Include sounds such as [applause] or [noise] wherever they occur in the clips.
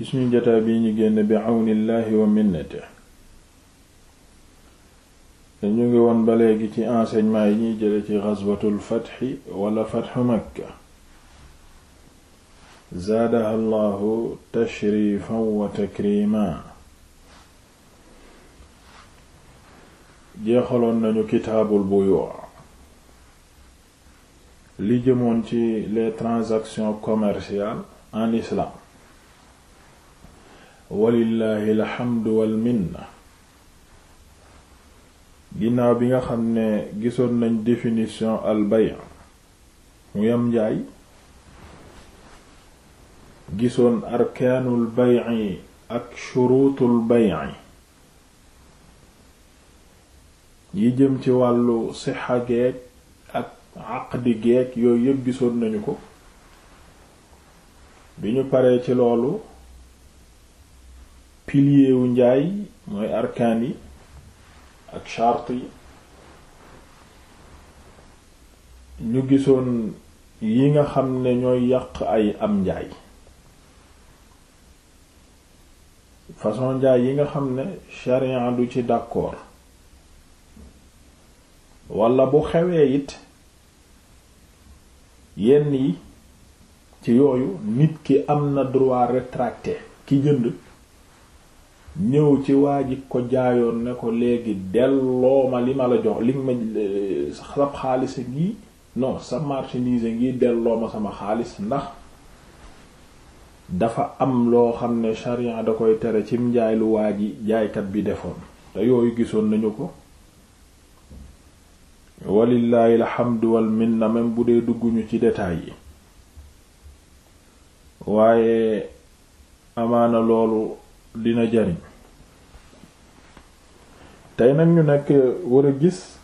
ci suñu jotaay yi ñu génn bi àwnillaahi wa minnate ñu ngi woon ba léegi ci enseignement yi ñuy jële ci ghazwatul fatxi wala fatxu makka zaadaha allahu tashrifan wa takrima jeexaloon nañu kitaabul buyu' li jëmoon ci les transactions commerciales en islam walillahi alhamdu wal minna ginnaaw bi nga xam ne gisoon nañ définition al mu yam njaay gisoon arkaanul bay'i ak shuruutul bay'i yi jëm ci wàllu sixa geeg ak aqdi geeg yooyu yëpp gisoon nañu ko bi ñu paree ci loolu pilier wu njaay mooy arkaan yi ak charte yi ñu gisoon yi nga xam ne ñooy yàq ay am njaay façon njaay yi nga xam ne sharia du ci d'accord walla bu xewee it yenn yi ci yooyu nit ki am na droit rétracté ki jënd ñëw ci waa ji ko jaayoon ne ko léegi delloo ma li ma la jox li ma eh, sab xaalis a ngi non sa marchandise ngi delloo ma sama xaalis ndax dafa am loo xam ne sharia da koy tere cim njaay lu waa jaaykat bi defoon te yooyu gisoon nañu ko walillahi alhamdu wal minna même bu dee dugguñu ci détails yi waaye amaana loolu dina jariñ tey nag ñu nekk war a gis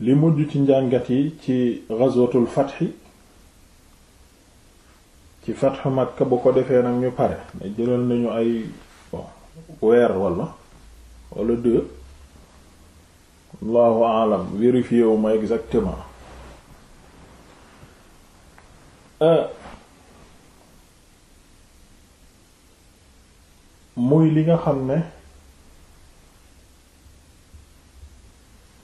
li mujj ci njàngat yi ci ghazwatul fathi ci fathu Makka bu ko defee nag ñu pare ne jëlal nañu ay weer walla walla deux allahu alam vérifié wu ma exactement euh, muy li nga xam ne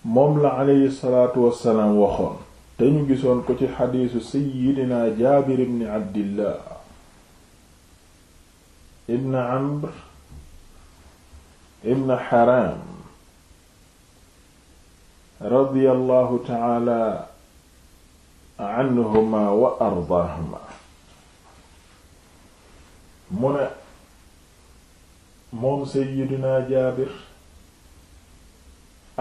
moom la aleyhi salaatu wassalaam waxoon te ñu gisoon ko ci xadiisu seyyidina jaabir ibn abdillah ibn amr ibn haram radiyallahu taala anhuma wa ardaahuma mu ne moom seydina jaabir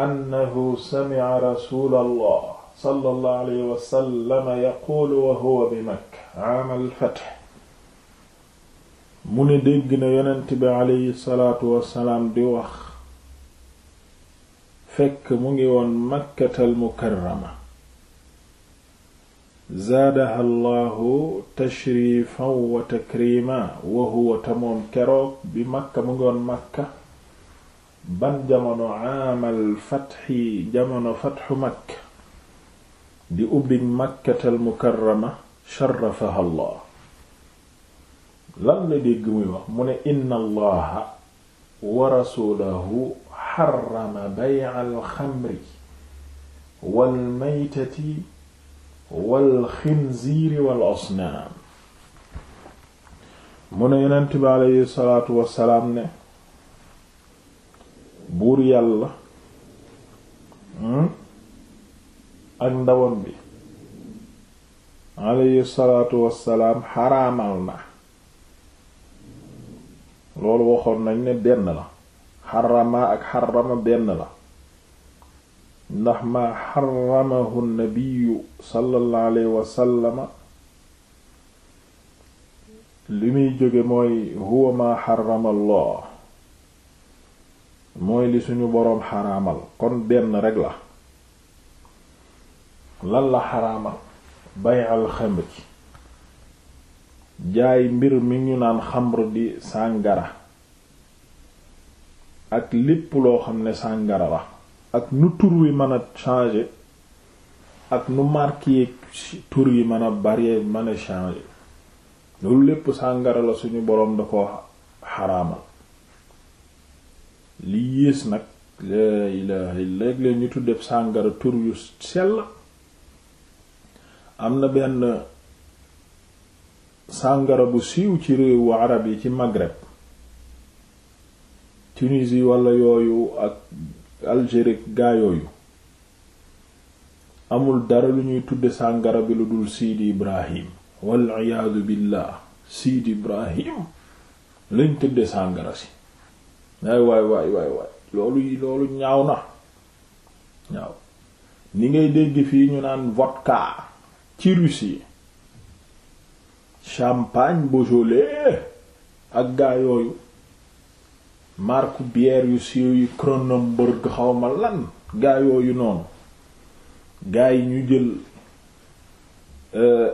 annahu sami'a rasuulallah sallallahu alayhi wa sallam yaquulu wa huwa bi makka aam al-fath mu ne dégg na yonent bi alayhi salaatu wassalaam di wax fekk mu ngi woon makkatal mukarrama zaadaha allahu tashrifan wa takrima wa huwa tamoom keroog bi makka mu ngoon makka ban jamono aamal fatxi jamono fatxu makka di ubbi makkatal mukarrama sharafaha allah lan la dégg muy wax mu ne inna allaha wa rasuulahu xarama bay'a alxamri wal maytati wal xinziiri wal osnaam mu ne yonent bi aleyhi salaatu wassalaam ne buur yàlla hmm, ak ndawam bi aleyhi salaatu wassalaam xaraamal na loolu waxoon nañ ne benn la xarama ak xarama benn la ndax ma xaramahu nabiyu sallallahu alayhi wasallama li muy jóge mooy huwa ma xarama mooy li suñu boroom xaraamal kon benn rekk la lan la xaraamal bay al jaay mbir mi ñu naan xamr di sàngara ak lépp loo xam ne sàngara la ak nu tur wi mën a changer ak nu marqué tur yi mën a bari mën a changer loolu lépp sàngara la suñu boroom da ko xaraamal li yées nag laa ilaha ñu tuddeb sàngara tur yu sell am na benn sàngara bu siiw ci réewu arab yi ci Maghreb Tunisie walla yooyu ak Algérie gaa yooyu amul dara lu ñuy tudde sàngara bi lu dul Sidi Ibrahim wal iyaadu billah Sidi Ibrahim lañ tudde sàngara si waay waay waay waay loolu ñaaw na ñaaw ni ngay dégg fii ñu naan vodka ci Russie champagne Beaujolais ak gaa yooyu marque bier yu siiw yi Kronenbourg xawma lan gaa yooyu noonu gaa yi ñu jël euh,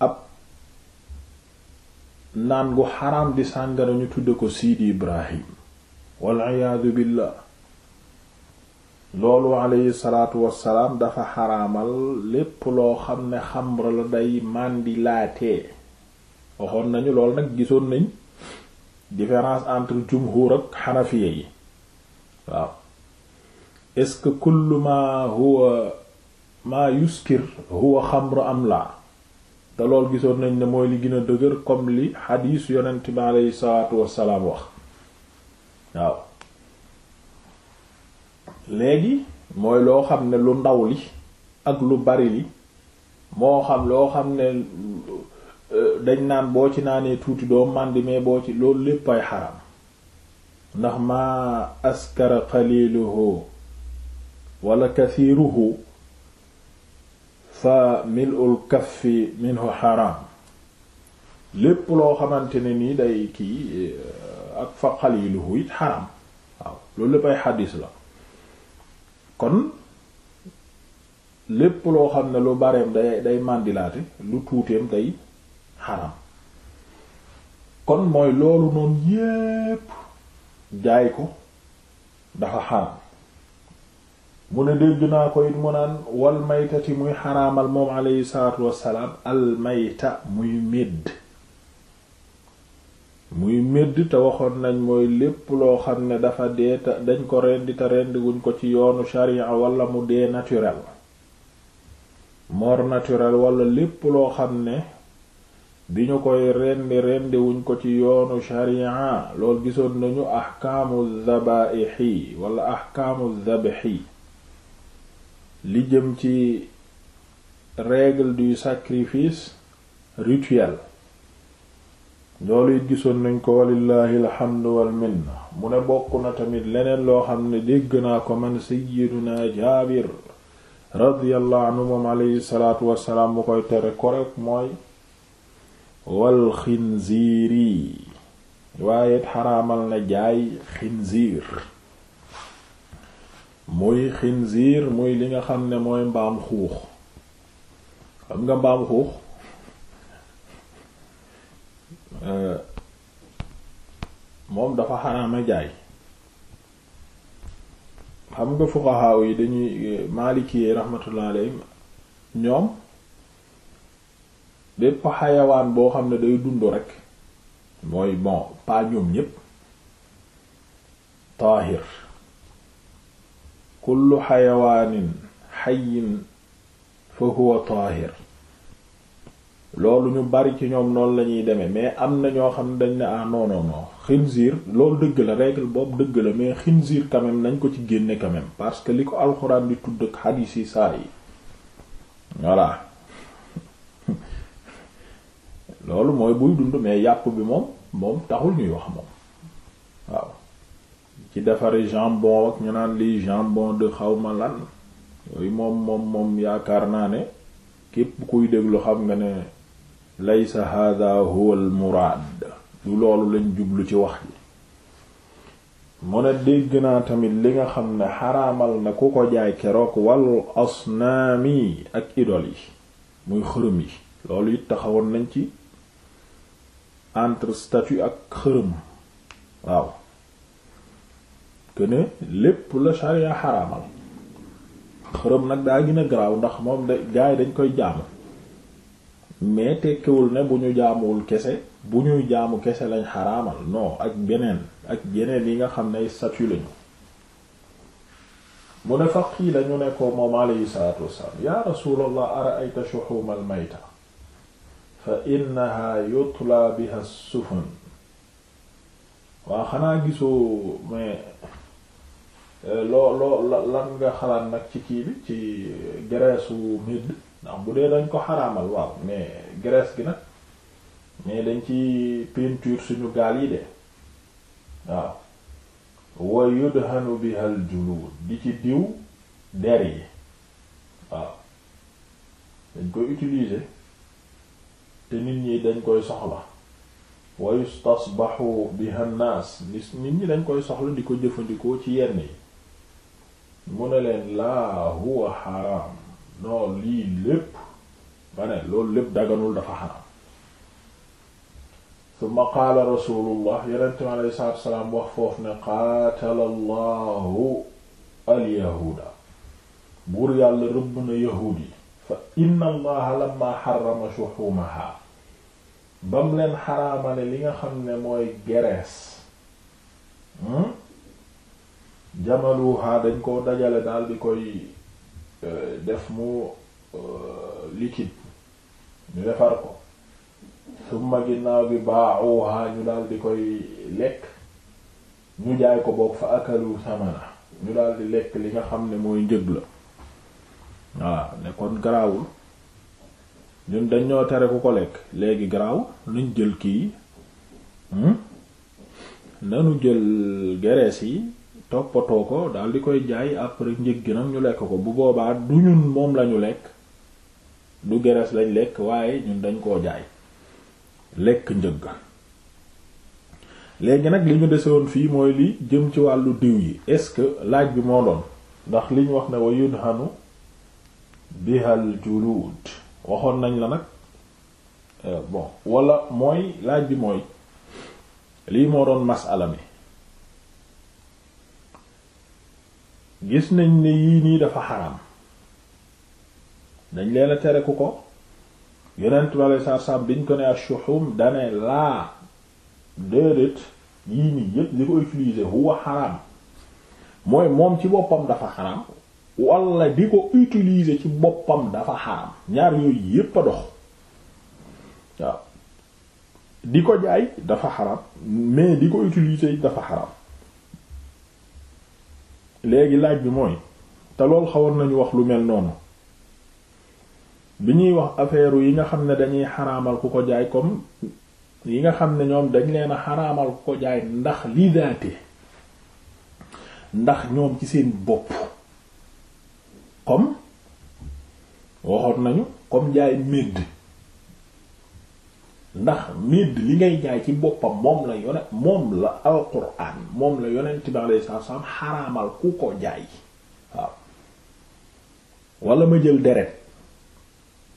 ab naan gu xaraam di sàngara ñu tudde ko Sidi Ibrahim waliyaadu billah loolu aleyhi salaatu wassalaam dafa xaraamal lépp loo xam ne xamra la day màndilaatee waxoon nañu lool nag gisoon nañ différence entre jumhur ak xanafiya yi waaw est-ce que kullu ma huwa ma yuskir huwa xamru am laa te lool gisoon nañ ne mooy li gën a dëgër comme li xadiis yonent bi aleyhi salaatu wassalaam wax waaw léegi mooy loo xam ne lu ndaw li ak lu bari li moo xam loo xam ne dañ naan boo ci naanee tuuti doo màndi mais boo ci loolu lépp ay xaram ndax maa askara qaliluhu wala kathiruhu fa mil'ul kaffi minhu xaram lépp loo xamante ne ni day kii eh, ak fa qaliluhu it xaram waaw loolu lépp ay la kon lépp loo xam ne lu bareem day day màndilaate lu tuuteem day xaram kon mooy loolu noonu yépp jaay ko dafa xaram mu ne dégg naa ko it mu naan wal maytati muy xaraamal moom aleyhi salaatu wassalaam al mayta muy médd muy médd te waxoon nañ mooy lépp loo xam ne dafa dee te dañ ko rendi te ko ci yoonu sharia wala mu dee naturel mort naturel walla lépp loo xam ne bi ñu koy rendi rendi wuñ ko ci yoonu sharia lool gisoon nañu ahkaamu zabaixi wala ahkaamu zabxi li jëm ci règle du sacrifice rituel loolu it gisoon nañ ko walillahi alhamdu wal mu ne bokk na tamit leneen loo xam ne dégg naa ko man sayyiduna jaabir radiyallahu anhu moom alayhi salaatu wassalaam mu koy tere korek mooy wal xinziiri waaye xaraamal na jaay xinziir muy xinziir muy li nga xam ne mooy mbaam xuux xam nga mbaam xuux eh, moom dafa xaraama jaay xam nga fuqaha yi dañuy eh, maliki rahmatullah alayhim ñoom bépp xayawaan boo xam ne day dund rek mooy bon pas ñoom ñépp taahir kullu xayawaanin xayin fa huwa taahir loolu ñu bari ci ñoom noonu la ñuy demee mais am na ñoo xam ne dañ ne ah non non non xinziir loolu dëgg la règle boobu dëgg la mais xinziir quand nañ ko ci génne quand parce que li ko alxuraan bi tudd ak xadiis yi saa yi voilà loolu mooy buy dund mais yàpp bi moom moom taxul ñuy wax moom waaw ci defari jambon ak ñu naan lii jambon xaw ma lan yooyu moom moom moom yaakaar naa ne képp kuy déglu xam nga ne laysa hadha huwa al du loolu lañ jublu ci wax ji mu ne dégg naa tamit li nga xam ne xaraamal na ku ko jaay keroog wal asnaami ak idol yi muy xërëm yi loolu it taxawoon nañ ci entre statue ak xërëm waaw këne lépp la sharia xaraamal xërëm nag daa gën a garaaw ndax moom de gaa dañ koy jaamu mais tekkiwul ne bu ñu jaamuwul kese bu ñuy jaamu kese lañ xaraamal non ak beneen ak geneen yi nga xam ne statue lañu mu ne faqii lañu ne ko moom alayhi salaatu wassalaam yaa rasuulallah ara ayta shuhumal mayta fa innaha yutla biha sufun waaw xanaa gisoo mais euh, loo loo lan nga xalaat nag ci kii bi ci graisse u midd ndax bu dee dañ ko xaraamal waaw mais graisse gi nag mais dañ ci peinture suñu gaal yi de waaw wa yudhanu biha al julud di ci diw der yi waaw dañ koy utiliser te nit ñi dañ koy soxla wa bi biha an-nas nit ñi dañ koy soxla di ko jëfandikoo ci yenn yi mu ne leen laa huwa xaraam non lii lépp ma ne loolu lépp daganul dafa xaraam summa qaala rasulullah yonente mi foofu ne qaatala allahu alyahuuda buur yàlla rëbb na yahuud fa inna allaha lamma xarama shuhumaha bam leen xaraamale li nga xam ne mooy gerees hmm? jamaluha dañ koo dajale daal di koy euh, def mu euh, liquide ñu defar ko summa ginnaaw bi baauha ñu daal di koy lekk ñu jaay ko boog fa akalu samana ñu daal di lekk li nga xam ne mooy njëg la waaw ne kon garaawul ñun dañ ñoo tere ku ko lekk léegi garaaw nañ jël kii hmm? nanu jël gerees yi toppatoo ko daal di koy jaay après njëg gi nag ñu lekk ko bu boobaa du ñun moom lañu lekk du gerees lañ lekk waaye ñun dañ koo jaay lekk njëg léegi nag li ñu desewoon fii mooy li jëm ci wàllu diw yi est-ce que laaj bi moo doon ndax liñ wax ne wa yudhanu bihal julud waxoon nañ la nag eh, bon wala mooy laaj bi mooy lii moo doon masala mi gis nañ ni yii nii dafa xaram dañ leen a tere ku ko yonent bi alei satu salaam biñ ko ne ashuhum dane laa déedéet yii nii yépp di ko utiliser huwa xaram mooy moom ci boppam dafa xaram wala di ko utiliser ci boppam dafa xaram ñaar yooyu yépp a dox waaw di ko jaay dafa xaram mais di ko utiliser dafa xaram léegi laaj bi mooy te lool xawoon nañu wax lu mel noonu bi ñuy wax affaire yi nga xam ne dañuy xaraamal ku ko jaay comme yi nga xam ne ñoom dañ leen a xaraamal ku ko jaay ndax lii daate ndax ñoom ci seen bopp comme waxoon nañu comme jaay médd ndax médd li ngay jaay ci boppam moom la yone moom la alquran moom la yonent bi alayhi salaatu salaam xaraamal ku ko jaay waaw wala ma jël deret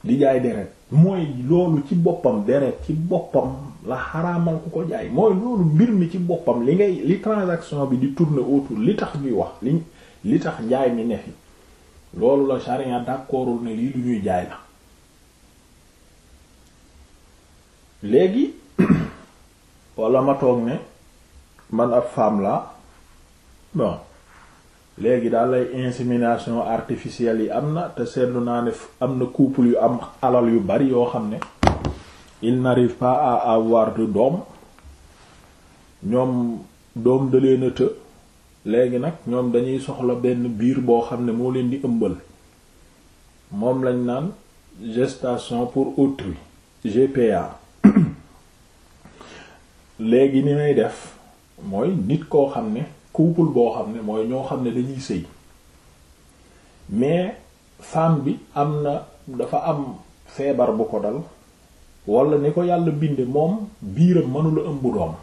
di jaay deret mooy loolu ci boppam deret ci boppam la xaraamal ku ko jaay mooy loolu mbir mi ci boppam li ngay li transaction bi di tourner autour li tax ñuy wax li tax jaay mi ne fi loolu la sharia d'accordul ne lii lu ñuy jaay la léegi [coughs] wala ma toog ne man ab femme la bon léegi daal lay insémination artificielle yi am na te seetlu naa ne am na couple yu am alal yu bari yoo xam ne il n'arrive pas à avoir de doom ñoom doom da leen të léegi nag ñoom dañuy soxla benn biir boo xam ne moo leen di ëmbal moom lañ naan gestation pour autrui GPA [clears throat] léegi ni may def mooy nit koo xam ne couple boo xam ne mooy ñoo xam ne dañuy sëy mais femme bi am na dafa am feebar bu ko dal wala ni ko yàlla binde moom biiram mënula ëmb doom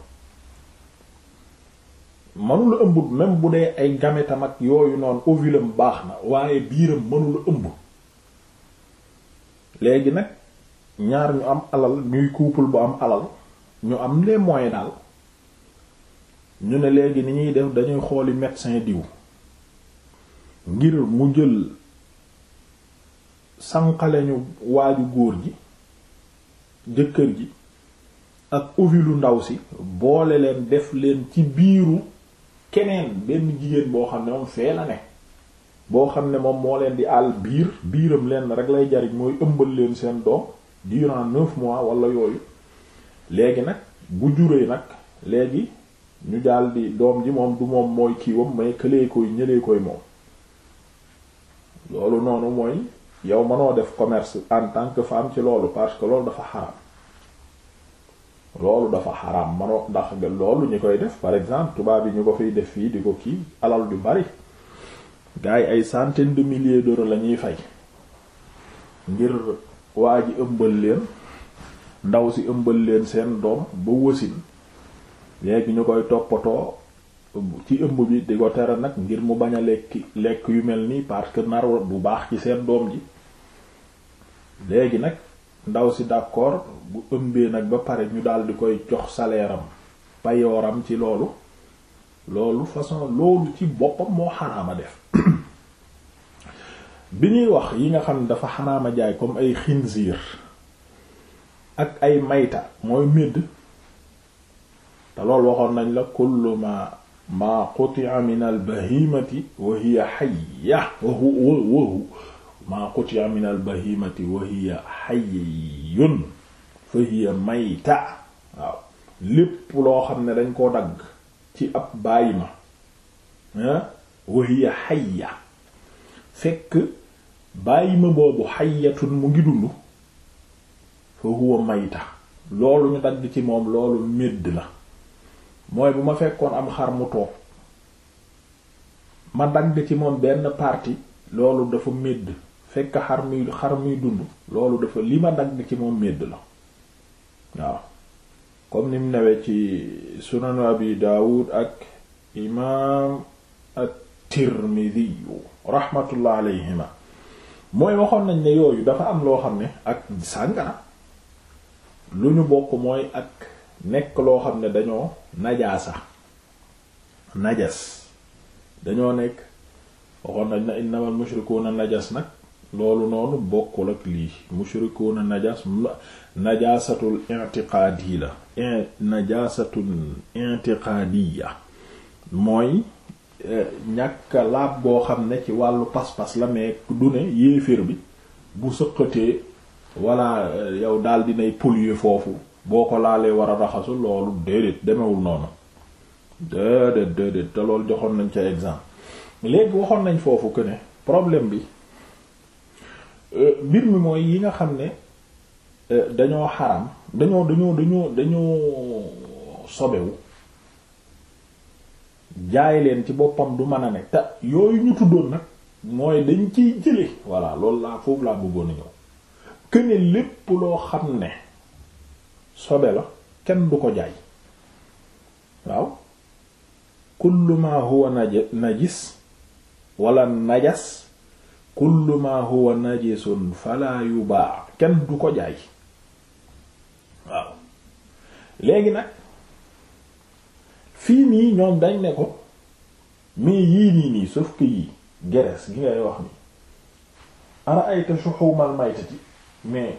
mënula ëmb même bu dee ay gametam ak yooyu noonu ovulum baax na waaye biiram mënula ëmb léegi nag ñaar ñu am alal ñuy couple bu am alal ñu am les moyens daal ñu ne léegi ni ñuy def dañuy xooli médecin diw ngir mu jël sanqale ñu waaju góor ji jëkkër ji ak ovilu ndaw si boole leen def leen ci biiru keneen benn jigéen boo xam ne moom fee la ne boo xam ne moom moo leen di àll biir biiram leen rek lay jariñ mooy ëmbal leen seen doom durant neuf mois wala yooyu léegi nag bu juree nag léegi ñu daal di doom ji moom du moom mooy kiiwam mais këlee koy ñëlee koy moom loolu noonu mooy yow mënoo def commerce en tant que femme ci loolu parce que loolu dafa xaram loolu dafa xaraam manoo ndax loolu ñi koy def par exemple tubaab yi ñu ko fiy def fii di ko kii alal yu bari gars ay centaine de milliers d'euros la ñuy fay ngir waa ji ëmbal leen ndaw si ëmbal leen seen doom ba wasin léegi ñu koy toppatoo ci ëmb bi di ko tere nag ngir mu bañ a lekk yu mel nii parce que nar bu baax ci seen doom ji léegi nag ndaw si d'accord bu ëmbee nag ba pare ñu daal di koy jox salaire am payooram ci loolu loolu façon loolu ci boppam moo xaraama def [clears throat] bi ñuy wax yi nga xam ne dafa xaraama jaay comme ay xinziir ak ay mayta mooy médd te loolu waxoon nañ la kullu ma ma quti'a min bahimati wa hiya hayya wa maa qutiya min al bahimati wa hiya hayyun fa hiya mayta waaw lépp loo xam ne dañ koo dagg ci ab bàyyi ma ah, wa hiya hayya fekk bàyyi ma boobu hayyatun mu ngi dund fa huwa mayta loolu ñu dagg ci moom loolu médd la mooy bu ma fekkoon am xar mu toog ma dagg ci moom benn partie loolu dafa médd fekk xar muy xar muy dund loolu dafa li ma dagg ci moom medd la waaw comme ni newee ci sunan abi daawud ak imaam at-tirmidhi rahmatullah alayhima mooy waxoon nañ ne yooyu dafa am loo xam ne ak sàngara lu ñu bokk mooy ak nekk loo xam ne dañoo najaasa najas dañoo nekk waxoon nañ na innamal mushrikuuna najas nag loolu noonu bokkul ak lii mushrikuuna najas najaasatul intiqaadi la najaasatul intiqaadiya mooy eh, ñàkk laab boo xam ne ci wàllu pas-pas la mais du ne yéeféer bi bu sëqatee walla eh, yow daal dinay polluer foofu boo ko laalee war a raxasu loolu déedéet demewul noonu déedéet déedéet te loolu joxoon nañ ca exemple léegi waxoon nañ foofu que ne problème bi mbir mi mooy yi nga xam ne euh, dañoo xaram dañoo dañoo dañoo dañoo sobewu jaay leen ci boppam du mën a ne te yooyu ñu tuddoon nag mooy dañ ciy jële voilà loolu laa foofu laa bëggoon a ñëw que lépp loo xam ne sobe la kenn du ko jaay waaw na ma huwa najis wala najas kullu ma huwa najisun yu baax kenn du ko jaay waaw léegi nag fii nii ñoom dañ ne ko mais yii nii nii sauf que yii gerees gi ngay wax ni ara ayta shuhumal maytati mais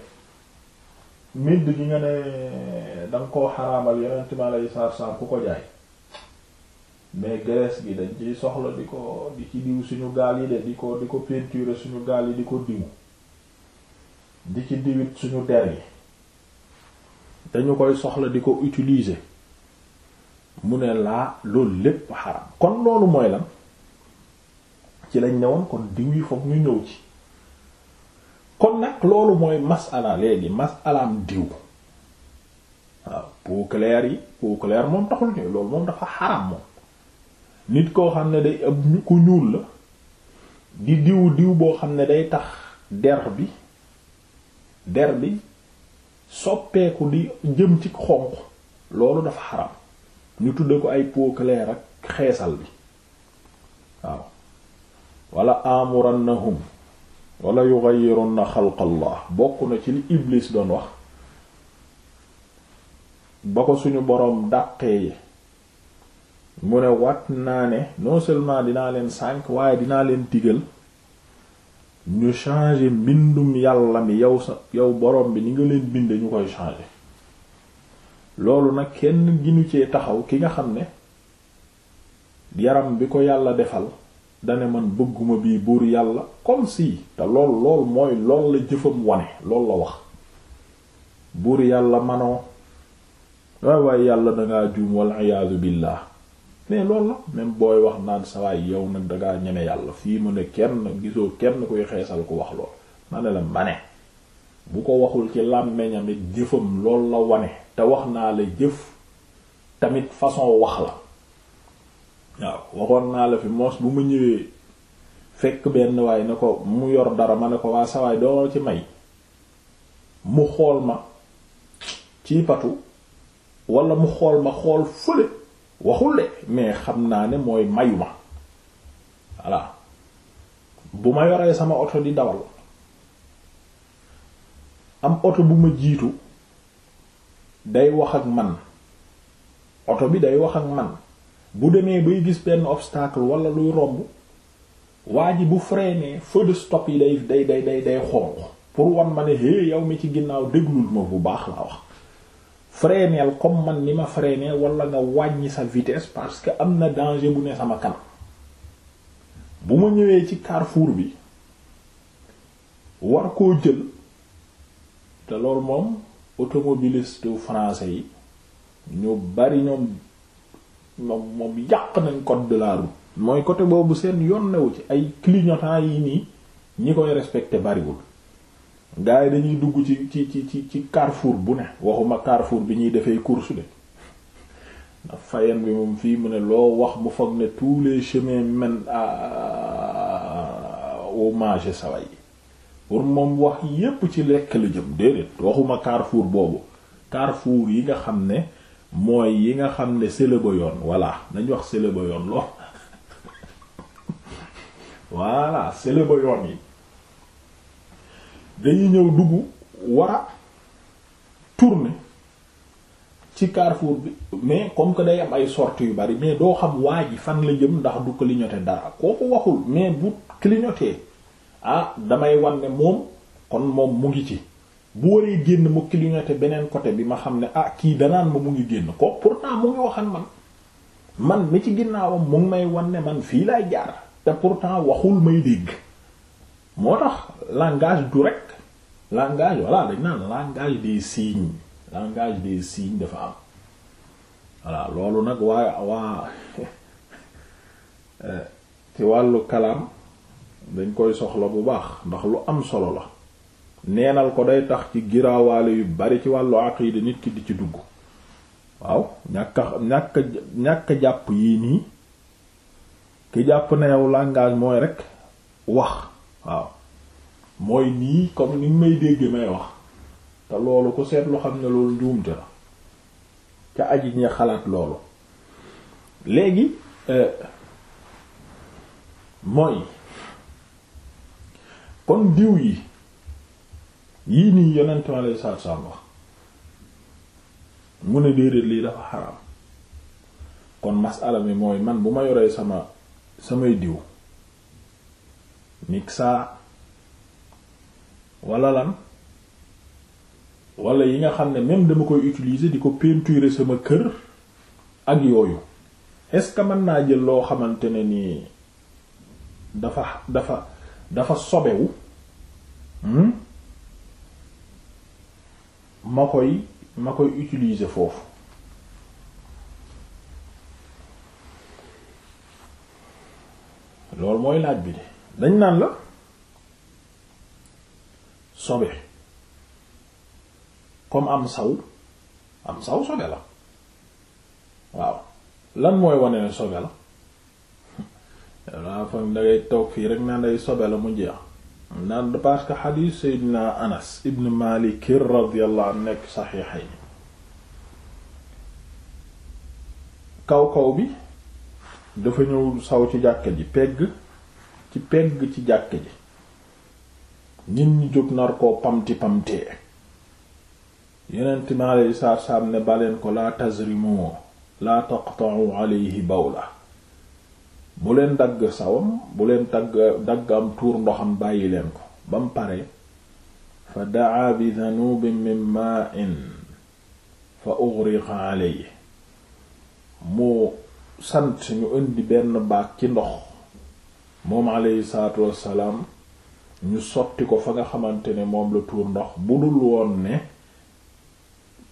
medd gi nga ne danga koo xaraamal yonent mi alayhi salaatu salaam ku ko jaay mais graisse gi dañ ciy soxla di ko di ci diw suñu gaal yi de di ko di ko peinturer suñu gaal yi di ko diw di ci diwit suñu der yi dañu koy soxla di ko utiliser mu ne laa loolu lépp xaram kon loolu mooy lan ci lañ newoon kon diw yi foog ñu ñëw ci kon nag loolu mooy masala léegi masalaam diw waaw peau claire yi peau claire moom taxul ñëw loolu moom dafa xaram moom nit koo xam ne day ab ku ñuul la di diw diw boo xam ne day tax der bi der bi soppeeku di jëm ci xonq loolu dafa xaram ñu tudde ko ay peau claire ak xeesal bi waaw wala amurannahum wala na xalqallah bokk na ci li iblis doon wax ba ko suñu boroom dàqee mu ne wat naa ne non seulement dinaa leen sànk waaye dinaa leen digal ñu changer mbindum yàlla mi yow sa yow boroom bi ni nga leen binde ñu koy changer loolu nag kenn ginu cee taxaw ki nga xam ne yaram bi ko yàlla defal dane man bëgguma bii buur yàlla komsi si te lool lool mooy lool la jëfam wane lool la wax buur yàlla manoo waay waaye yàlla dangaa juum wal iyaadu billah mais loolu na même booy wax naa sawaay yow nag dangaa ñeme yàlla fii mu ne kenn gisoo kenn koy xeesal ku wax lool ma ne la ma ne bu ko waxul ci làmmeñam it jëfam lool la wane te wax naa la jëf tamit façon wax la waaw waxoon naa la fi moos bu ma ñëwee fekk benn waay ne ko mu yor dara ma ne ko waa sawaay doo ci may mu xool ma ci patu wala mu xool ma xool fële waxul de mais xam naa ne mooy mayu ma bu ma yoree sama oto di dawal am oto bu ma jiitu day wax ak man oto bi day wax ak man bu demee bay gis benn obstacle wala luy romb waa ji bu freiné feu de stop yi day day day day day xonq pour wan ma ne hé yow mi ci ginnaaw déglul ma bu baax laa wax freineel comme man ni ma freiner walla nga wàññi sa vitesse parce que am na danger bu ne sama kanam bu ma ñëwee ci carrefour bi war koo jël te loolu moom automobiliste français yi ñu bari ñoom moom moom yàq nañ code de la mooy côté boobu seen yoon newu ci ay clignotants yi nii ñi koy respecté bariwul gars yi dañuy dugg ci ci ci ci ci Carrefour bu ne waxuma Carrefour bi ñuy defee course de ndax fayen bi moom fii mu ne loo wax mu foog ne tous les chemins mènent au marché saway pour moom wax yépp ci lekk la jëm déedéet waxuma Carrefour boobu Carrefour yi nga xam ne mooy yi nga xam ne sëlëba yoon voilà nañ wax sëlëba yoon lool [laughs] voilà sëlëba yoon yi dañuy ñëw dugg wara a tourner ci carrefour bi mais comme que day am ay sorties yu bari mais doo xam waa ji fan la jëm ndax du clignoter dara kooku waxul mais bu clignoter ah damay wan ne moom kon moom mu ngi ci bu waree génn mu clignoter beneen côté bi ma xam ne ah kii danaan ma mu ngi génn ko pourtant mu ngi wax man man mi ci ginnaawam mu ngi may wan ne man fii laay jaar te pourtant waxul may dégg moo tax langage du rek langage voilà dañ naan langage des signes langage des signes dafa am voilà loolu nag waa waa [laughs] euh, ci wàllu kalaam dañ koy soxla bu baax ndax lu am solo la neenal ko day tax ci giraawaale yu bari ci wàllu aqiida nit ki di ci dugg waaw ñàkk ñàkk ñàkk jàpp yii nii ki jàpp na yow langage mooy rekk wax waaw mooy nii comme ni may dégg may wax te loolu ku seetlu xam ne loolu njuumte la ca aji ña xalaat loolu léegi euh, mooy kon diw yi yii nii yonent ma lay saat saam mu ne déedéet lii dafa xaraam kon masala mi mooy man bu ma yoree sama samay diw mixaa wala lan wala yi nga xam ne même dama koy utilise di ko peinturer sama kër ak yooyu est-ce que mën naa jël loo xamante ne nii dafa dafa dafa sobewu hmm? ma koy ma koy utilise foofu loolu mooy laaj bi de dañ naan la sobe comme am saw am saw sobe la waaw lan mooy wane ne sobe la waaw [laughs] fam dangay toog fii rek naan day sobe la mu jeex naan parce que xadiis Seydina Anas ibn Malik radiyallahu anhu nekk saxiixayn kaw kaw bi dafa ñëw saw ci jàkk ji pegg ci pegg ci jàkka ji ñin ñu jóg nar koo pamti pamtee yeneent mi aleyhi salaatu salaam ne baleen ko laa tazrimu laa taqta'u alayhi bawla bu leen dagg sawam buleen leen dagg dagg am tuur ndoxam bàyyi leen ko bam pare fa daa bi danubin min sant ñu indi benn baag ci ndox moom aleyhi salaatu wassalaam ñu sotti ko fa nga xamante ne moom la tuur ndox bu dul woon ne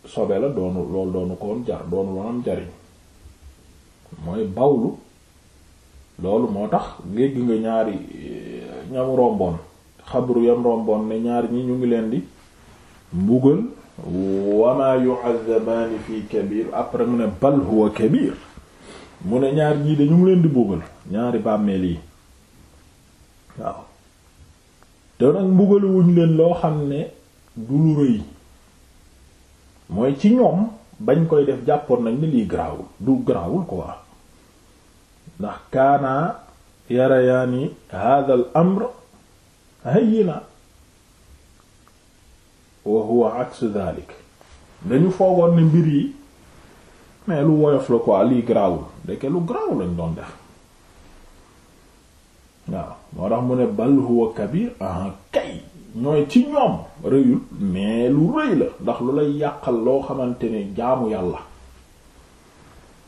sobe la doonu loolu doonu ko woon jar doonu woon am jariñ mooy bawlu loolu moo tax géej nga ñaari eh, ñam romboon xabru yam romboon ne ñaari ñi ñu ngi leen di mbugal wama yu'azzabaani fi kabir après mu ne bal kabir mu ne ñaar ñii de ñu ngi leen di mbugal ñaari bàmmeel yi waaw te nag mbugaluwuñ leen loo xam ne du lu rëy mooy ci ñoom bañ koy def jàppoon nañ ne lii garaawul du ko quoi ndax kaanaa yarayaani hadha al amr hayyina wa huwa aksu dhalik dañu foogoon ne mbir yi mais lu woyof la quoi lii garaawul ndeke lu garaaw lañ doon def waaw moo tax mu ne bal huwa kabir ah kay ñooy ci ñoom rëyul mais lu rëy la ndax lu lay yàqal loo xamante ne jaamu yàlla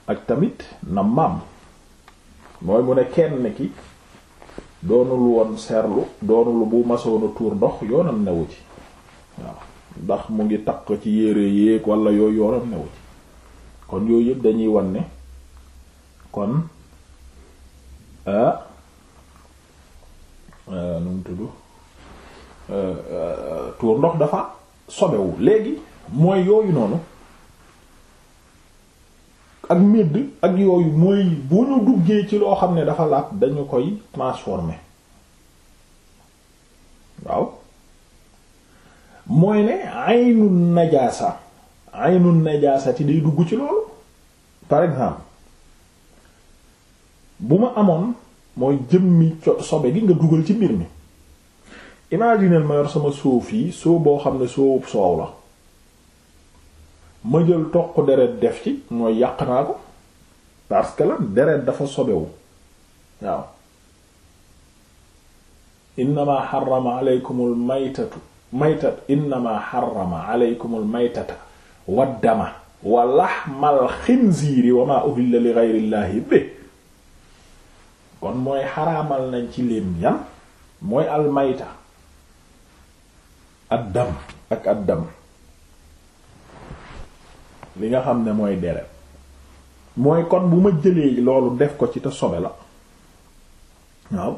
ak tamit na maam mooy mu ne kenn ki doonul woon seerlu doonul bu masoona tuur ndox yoonam newu ci waaw ndax mu ngi takk ci yére yéeg wala yooyu yoonam newu ci kon yooyu yëpp dañuy wan kon ah Euh, nu mu tudd euh, euh, tuur ndox dafa sobewu léegi mooy yooyu noonu ak medd ak yooyu mooy bu ñu duggee ci loo xam ne dafa laab dañu koy transformer waaw mooy ne aynu najaasa aynu najaasa ti day dugg ci loolu par exemple bu ma amoon mooy jëmmi sobe gi nga dugal ci mbir mi imagineel ma yor sama soo fii soo boo xam ne soo soow la ma jël toq deret def ci mooy yàq naa ko parce que lan deret dafa sobewu waaw innama xarama aleykumul maytatu maytat innama xarama aleykumul maytata waddama wa laxmal xinziiri wa ma uhilla li gayri bi kon mooy xaraamal nañ ci lim yan mooy almayta addam ak addam li nga xam ne mooy deret mooy kon bu ma jëlee loolu def ko ci te sobe la waaw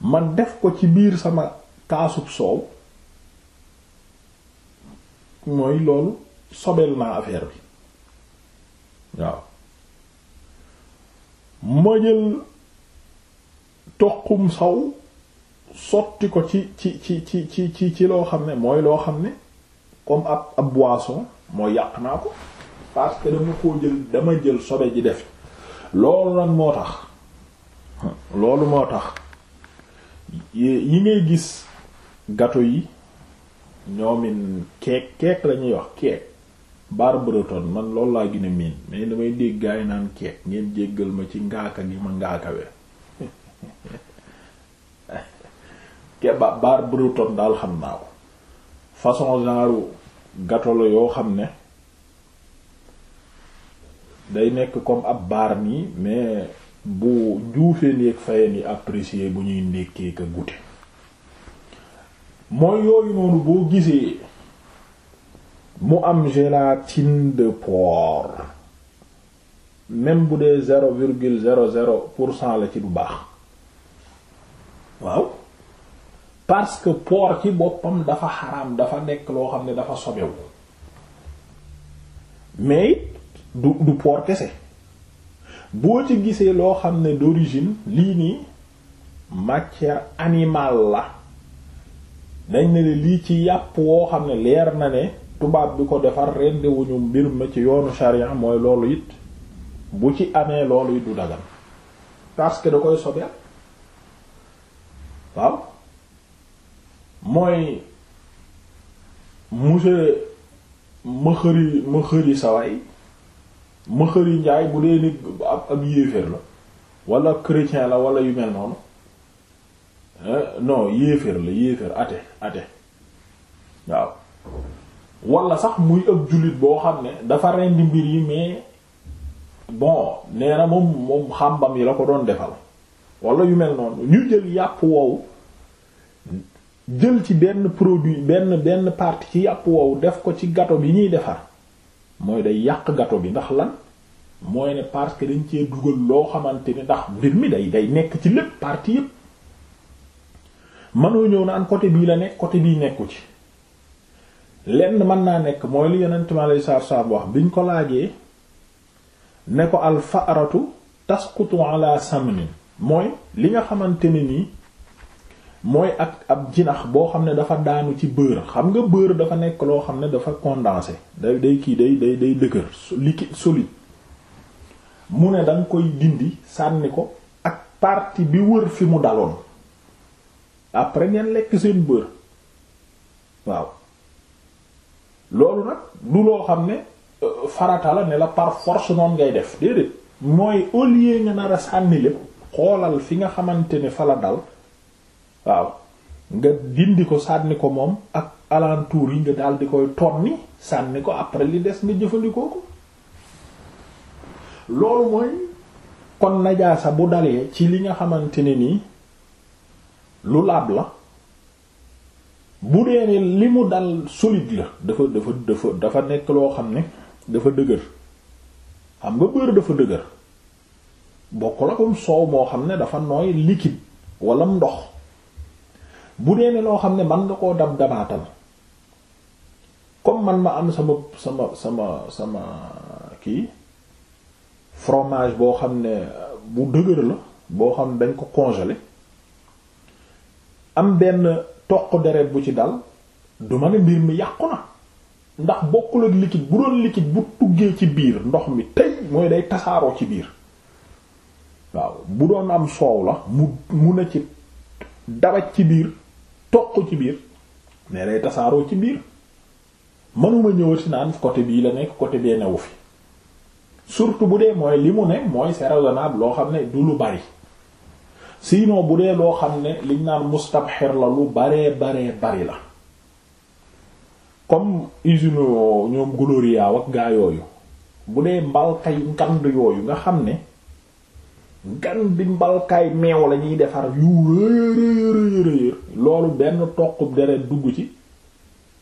man def ko ci biir sama kaasub soow mooy loolu sobel naa affaire bi waaw ma jël toqum saw sotti ko ci ci ci ci ci ci ci loo xam ne mooy loo xam ne comme ab ab boisson mooy yàq naa ko parce que dama koo jël dama jël sobe ji def loolu lan moo tax loolu moo tax yi ngay gis gato yi ñoomin keek keek lañuy wax keek bar breton man loolu laa gën a miin mais damay dégg gaay naan keek ngeen jéggal ma ci ngaaka gi ma ngaakawee keba bar breton daal xam naa ko façon genre gâteau la yoo xam ne day nekk comme ab baar nii mais bu juufeen yeeg fayeen yi apprécier bu ñuy ndékkee ka goûter mooy yooyu noonu boo gisee mu am gélatine de porc même bu dee zéro virgule zéro zéro pour cent la ci du baax waaw parce que por ci boppam dafa xaraam dafa nekk loo xam ne dafa sobewu mais du du por kese boo ci gisee loo xam ne d'origine lii nii matière animale la dañ ne lii ci yàpp woo xam ne leer na ne tubaab bi ko defar rendewuñu mbir ma ci yoonu sharia mooy loolu it bu ci amee loolu it du dagan parce que da koy sobeel waaw mooy monsieur mëxëri mëxëri saway mëxëri njaay bu dee nit ab ab yéeféer la wala chrétien la wala yu mel noonu non yéeféer la yéeféer athée athée waaw wala sax muy ëpp jullit boo xam ne dafa rendi mbir yi mais bon nee na moom moom xàmbam yi la ko doon defal wala yu mel noonu ñu jël yàpp woowu jël ci benn produit benn benn partie ci yàpp wow def ko ci gato bi ñuy defar mooy day yàq gato bi ndax lan mooy ne parce que dañ cee dugal loo xamante ni ndax mbir mi day day nekk ci lépp partie yépp mënoo ñëw naan côté bii la nekk côté bii nekku ci lenn mën naa nekk mooy yeneen mi aleyi saatu salaam ko laajee ne ko al fa'ratu tasqutu ala samnin mooy li nga xamante ne nii mooy ak ab jinax boo xam ne dafa daanu ci beurre xam nga beurre dafa nekk loo xam ne dafa condensé day day kii day day day dëgër liquide mu ne danga koy dindi sànni ko ak partie bi wër fi mu daloon après ngeen lekk seen beurre waaw loolu nag du loo xam ne euh, farata ne la par force noonu ngay def déedéet mooy au lieu nga nar sànni lépp xoolal fi nga xamante ne fa la dal waaw nga dindi ko sànni ko moom ak alentour yi nga daal di koy ni sànni ko après li des nga jëfandikoo ko loolu mooy kon najaasa bu dalee ci li nga xamante ne nii lu laab la bu dee ni li mu dal solide la dafa dafa dafa dafa nekk loo xam ne dafa dëgër xam nga bër dafa dëgër bokk la comme um soow moo xam ne dafa nooy liquide wala ndox bu dee ne loo xam ne man nga koo dab dabaatal comme man ma am sama sama sama sama kii fromage boo xam ne bu dëgër la boo xam ne dañ ko congeler am benn toq deret bu ci dal du ma ne mbir mi yàqu na ndax bokkul ak liquide bu doon liquide bu tuggee ci biir ndox mi tey mooy day tasaaroo ci biir waaw bu doon am soow la mu mu ne ci dabaj ci biir toq ci biir mais day tasaaroo ci biir mënuma ñëwati naan côté bii la nekk côté bee newu fi surtout bu dee mooy li mu ne mooy c'est raisonnable loo xam ne du lu bari sinon bu dee loo xam ne liñ naan mustabxir la lu baree baree bari la comme usine ñoom Gloria ak gaa yooyu bu dee mbalkay ngand yooyu nga xam ne gan bi mbalkaay meew la ñuy defar yu rëy loolu benn toqub deret dugg ci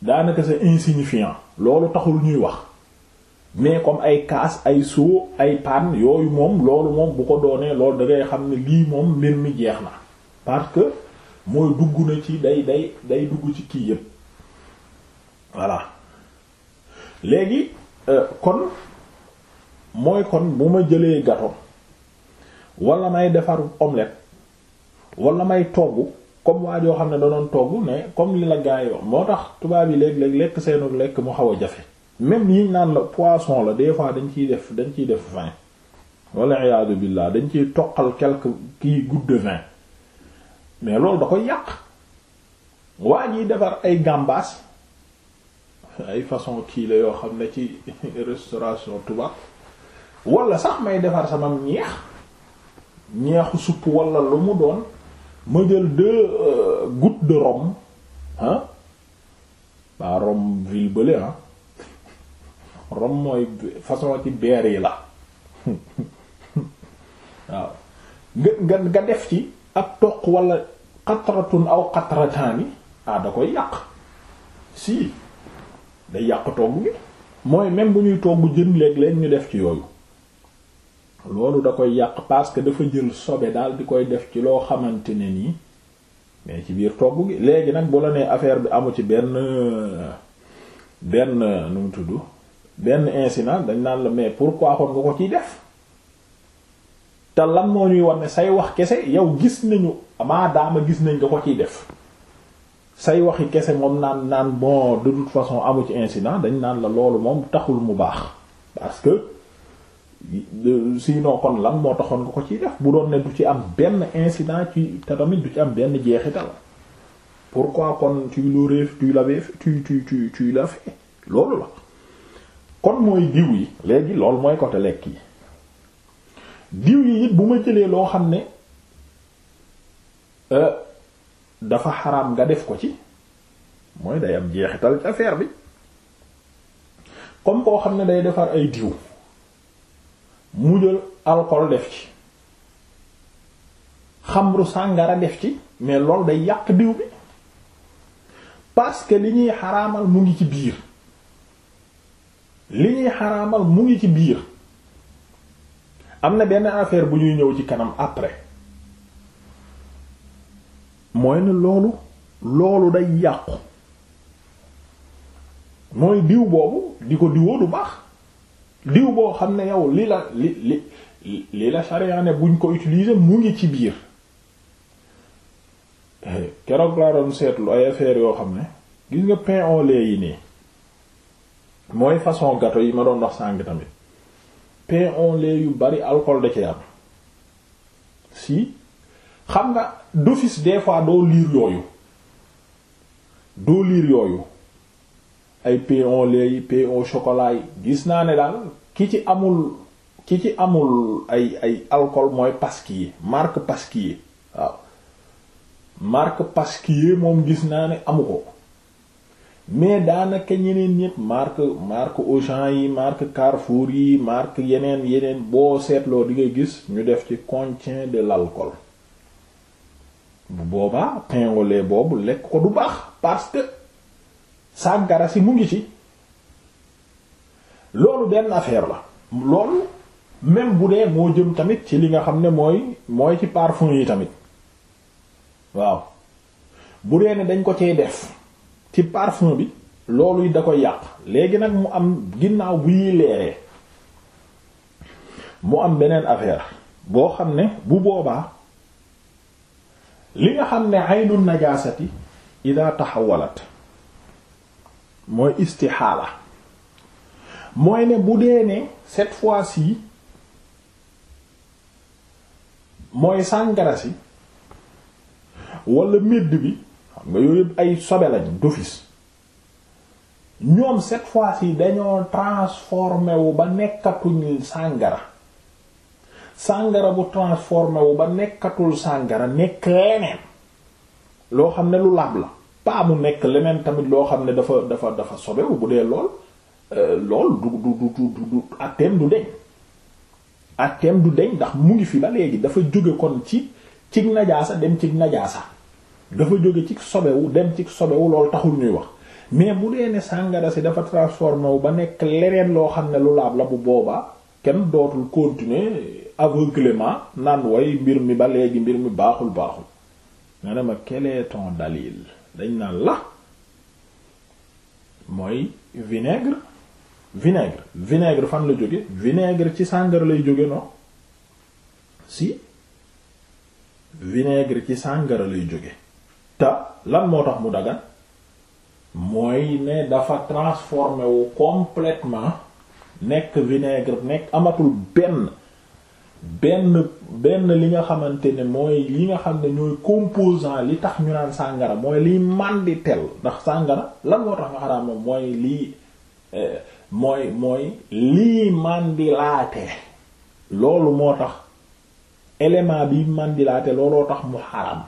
daanaka c'est insignifiant loolu taxul ñuy wax mais comme ay kaas ay soo ay paan yooyu moom loolu moom bu ko doonee loolu da xam ne lii moom mbir mi jeex na parce que mooy dugg na ci day day day dugg ci kii yépp voilà léegi kon mooy kon bu ma jëlee gato wala may defar omelette wala may togg comme waa xam ne da doon togg ne comme li la gaa yi moo tax tubaab yi léegi léeg lekk seenu lekk mu xaw a jafe même yiñ naan la poisson la des fois dañ ciy def dañ ciy def vin wala iyaadu billah dañ ciy toqal quelque kii goutte de vin mais loolu da koy yàq waa jiy defar ay gambas ay façon kii la yoo xam ne ci [laughs] restauration tubaab wala sax may defar sama ñeex ñeexu supp wala lu mu doon ma jël deux euh, gouttes de rhum ah ba rhum ville bële ah mooy façon ci beer yi la [laughs] waaw nga nga def ci ak toq wala xatratun aw xatrataani ah da koy yàq si day yàq togg gi mooy même bu ñuy togg jën léeg-léeg ñu def ci yooyu loolu da koy yàq parce que dafa jël sobe daal di koy def ci loo xamante ne nii mais ci biir togg gi léegi nag bu la nee affaire bi amu ci benn benn nu mu tudd benn incident dañ naan la mais pourquoi kon nga ko ciy def te lan moo ñuy wax ne say wax kese yow gis nañu maadaama gis nañ nga ko ciy def say waxi kese moom naan naan bon de toute façon amu ci incident dañ naan la loolu moom taxul mu baax parce que. sinon kon lan moo taxoon nga ko ci def bu doon ne du ci am benn incident ci te tamit du ci am benn jeexital pourquoi kon tu l'aurais tu l'avais tu tu tu tu l'as fait loolu la kon mooy diw yi léegi loolu mooy côté lekk yi diw yi it bu ma jëlee loo xam ne euh, dafa xaraam nga def ko ci mooy day am jeexital ci affaire bi comme koo xam ne day defar ay diw mu jël alcool def ci xamru sàngara def ci mais loolu day yàq diw bi parce que li ñuy xaraamal mu ngi ci biir li ñuy xaraamal mu ngi ci biir am na benn affaire bu ñuy ñëw ci kanam après mooy ne loolu loolu day yàqu mooy diw boobu di ko diwoo du baax diw boo xam ne yow li la li li li la sharia ne buñ ko utiliser mu ngi ci biir eh, keroog laa doon seetlu ay affaire yoo xam ne gis nga pain au lait yi nii mooy façon gâteau yi ma doon wax sàng tamit pain au lait yu bari alcool de ci si xam nga d'office des fois doo liir yooyu doo liir yooyu ay pain au lait yi chocolat yi gis naa ne daal ki ci amul ki ci amul ay ay alcool mooy pasquier marque pasquier waaw marque yi moom gis naa ne amu ko mais daanaka ñeneen ñépp marque marque Auchan yi marque Carrefour yi marque yeneen yeneen boo seetloo di nga gis ñu def ci contient de l'alcool booba boobaa pain boobu lekk ko du baax parce sàngara si mu ngi ci loolu benn affaire la lool même bu dee moo jëm tamit ci li nga xam ne mooy mooy ci parfum yi tamit waaw bu dee ne dañ ko cee def ci parfum bi loolu da ko yàq léegi nag mu am ginnaaw bu yi leeree mu am beneen affaire boo xam ne bu boobaa li nga xam ne aynu najaasati ida taxawalat mooy istixaala mooy ne bu dee ne cette fois-ci mooy sàngara si wala médd bi xam nga yooyu yëpp ay sobe lañ d'office ñoom cette fois yi dañoo transformé wu ba nekkatuñu sàngara sàngara bu transformé wu ba nekkatul sàngara nekk leneen loo xam ne lu lab la pas mu nekk leneen tamit loo xam ne dafa dafa dafa sobewu bu dee lool euh, lool du du du du atteem du deñ du deñ ndax mu ngi fi ba léegi dafa jóge kon ci cig najaasa dem cig najaasa dafa jóge ci sobewu dem ci sobewu loolu taxul nuy wax mais bu dee ne sàngara si dafa transformé wu ba nekk leneen loo xam ne lu laab la bu boobaa kenn dootul continuer aveuglement naan way mbir mi ba léegi mbir mi baaxul baaxul nga ne ma quel est dañ naan la mooy vinaigre vinaigre vinaigre fan la jóge vinaigre ci sàngara lay jóge non si vinaigre ci sàngara lay jóge te lan moo tax mu dagan mooy ne dafa transformé wu nekk vinaigre nekk amatul benn benn benn li nga xamante ne mooy li nga xam ne ñooy composant li tax ñu naan sàngara mooy liy mànditel ndax sàngara lan moo tax nga xaraam moom mooy lii eh, mooy mooy lii màndilaate loolu moo tax élément bi màndilaate looloo tax mu xaraam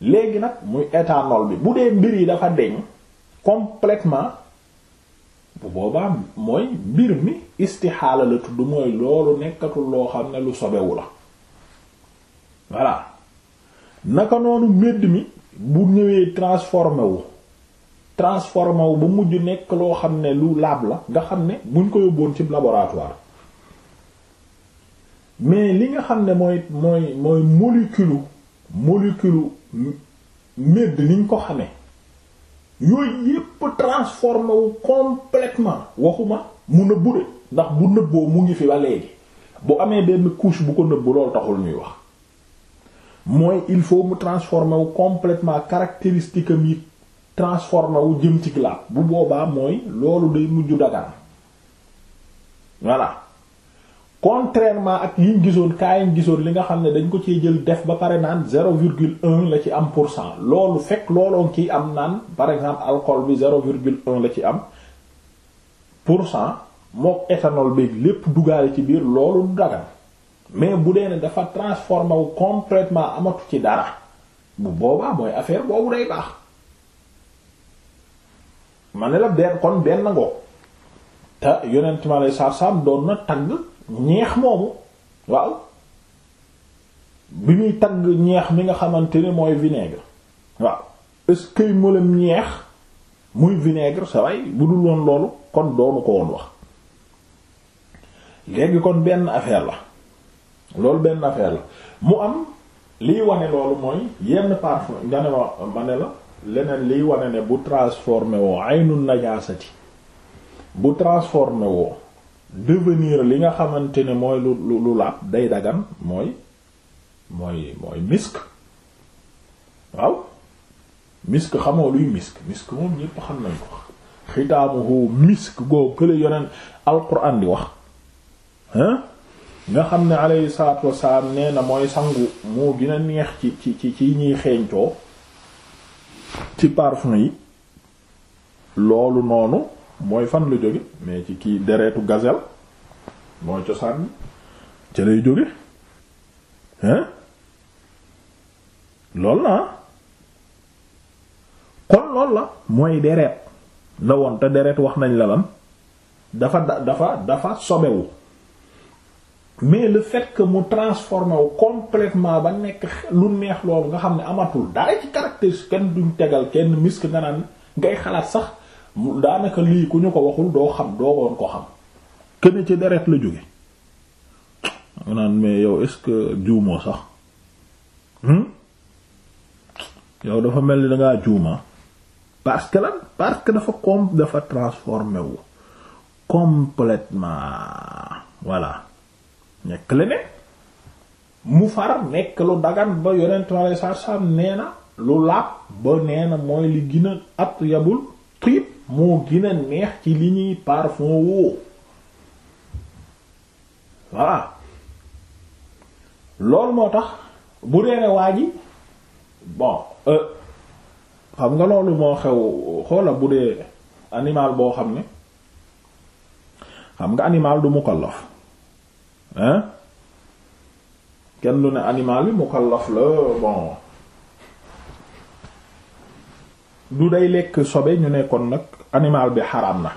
léegi nag muy éthanol bi bu dee mbir yi dafa deñ complètement bu boobaa mooy mbir mi istixaala la tudd mooy loolu nekkatul loo xam ne lu sobewu la voilà naka noonu mbedd mi bu ñëwee transformé wu transformé wu ba mujj nekk loo xam ne lu laab la nga xam ne buñ ko yóbboon ci laboratoire mais li nga xam ne mooy mooy mooy molécule molécule niñ ko xamee yooyu yépp transformé wu complètement waxuma mu nëbbu de ndax bu nëbboo mu ngi fi ba léegi bu amee benn couche bu ko nëbbu loolu taxul ñuy wax mooy il faut mu transformé wu complètement caractéristique am yi transformé wu jëm ci bu boobaa mooy loolu day mujj dagaan voilà contrairement ak yiñ gisoon kaa yiñ gisoon li nga xam ne dañ ko cee jël def ba pare naan zéro virgule un la ci am pour cent loolu fekk looloo ciy am naan par exemple alcool bi zéro virgule un la ci am pour cent mook éthanol beeg lépp dugaale ci biir loolu du mais bu dee ne dafa transformé wu complètement amatu ci dara bu boobaa mooy affaire boobu day baax ma ne la benn kon benn ngoo te yonent ma lay saar saam doon na tagg ñeex moomu waaw bi muy tagg ñeex mi nga xamante ni mooy vinaigre waaw est-ce que mëlam ñeex muy vinaigre sa way bu dul woon loolu kon doonu ko woon wax léegi kon benn affaire la loolu benn affaire la mu am liy wane loolu mooy yenn parfum nga ne ma ne la leneen liy wane ne bu transformé woo aynu najaasati bu transformé woo devenir li nga xamante ne mooy lu lu laab day dagan mooy mooy mooy misk waaw misk xamoo luy misk misk moom ñépp xam nañ ko xitaamuhu misk goo kële yoneen alquran di wax hein nga xam ne alayhi salaatu wasalaam nee na mooy sangu moo gën a neex ci ci ci ci ñuy xeeñtoo ci parfum yi loolu noonu mooy fan la jóge mais ci kii deretu gazelle mooy cosaan ca lay jóge hein lool na kon lool la mooy deret la woon te deret wax nañ la lan dafa dafa dafa sobewu mais le fait mu transformé wu complètement ba nekk lu neex loolu nga xam ne amatul dara ci caractère kenn duñ tegal kenn misk nga naan ngay xalaat sax daanaka lii ku ñu ko waxul doo xam doo woon ko xam kenn ci deret la jóge mu naan mais yow est juumoo sax hmm? yow dafa mel ni dangaa juuma parce que lan parce que dafa comme dafa transformé wu complètement voilà nekk la ne mu far nekk lu dagan ba yonent wala sar sam nee na lu laab ba nee mooy li gën at yabul tiib moo gën neex ci li ñuy parfum woo voilà loolu moo tax bu dee ne waa ji bon euh, xam nga loolu moo xew xoola bu dee animal boo xam ne xam nga animal du mukallaf hein kenn du ne animal bi mukallaf la bon du day lekk sobe ñu nekkoon nag animal bi xaraam na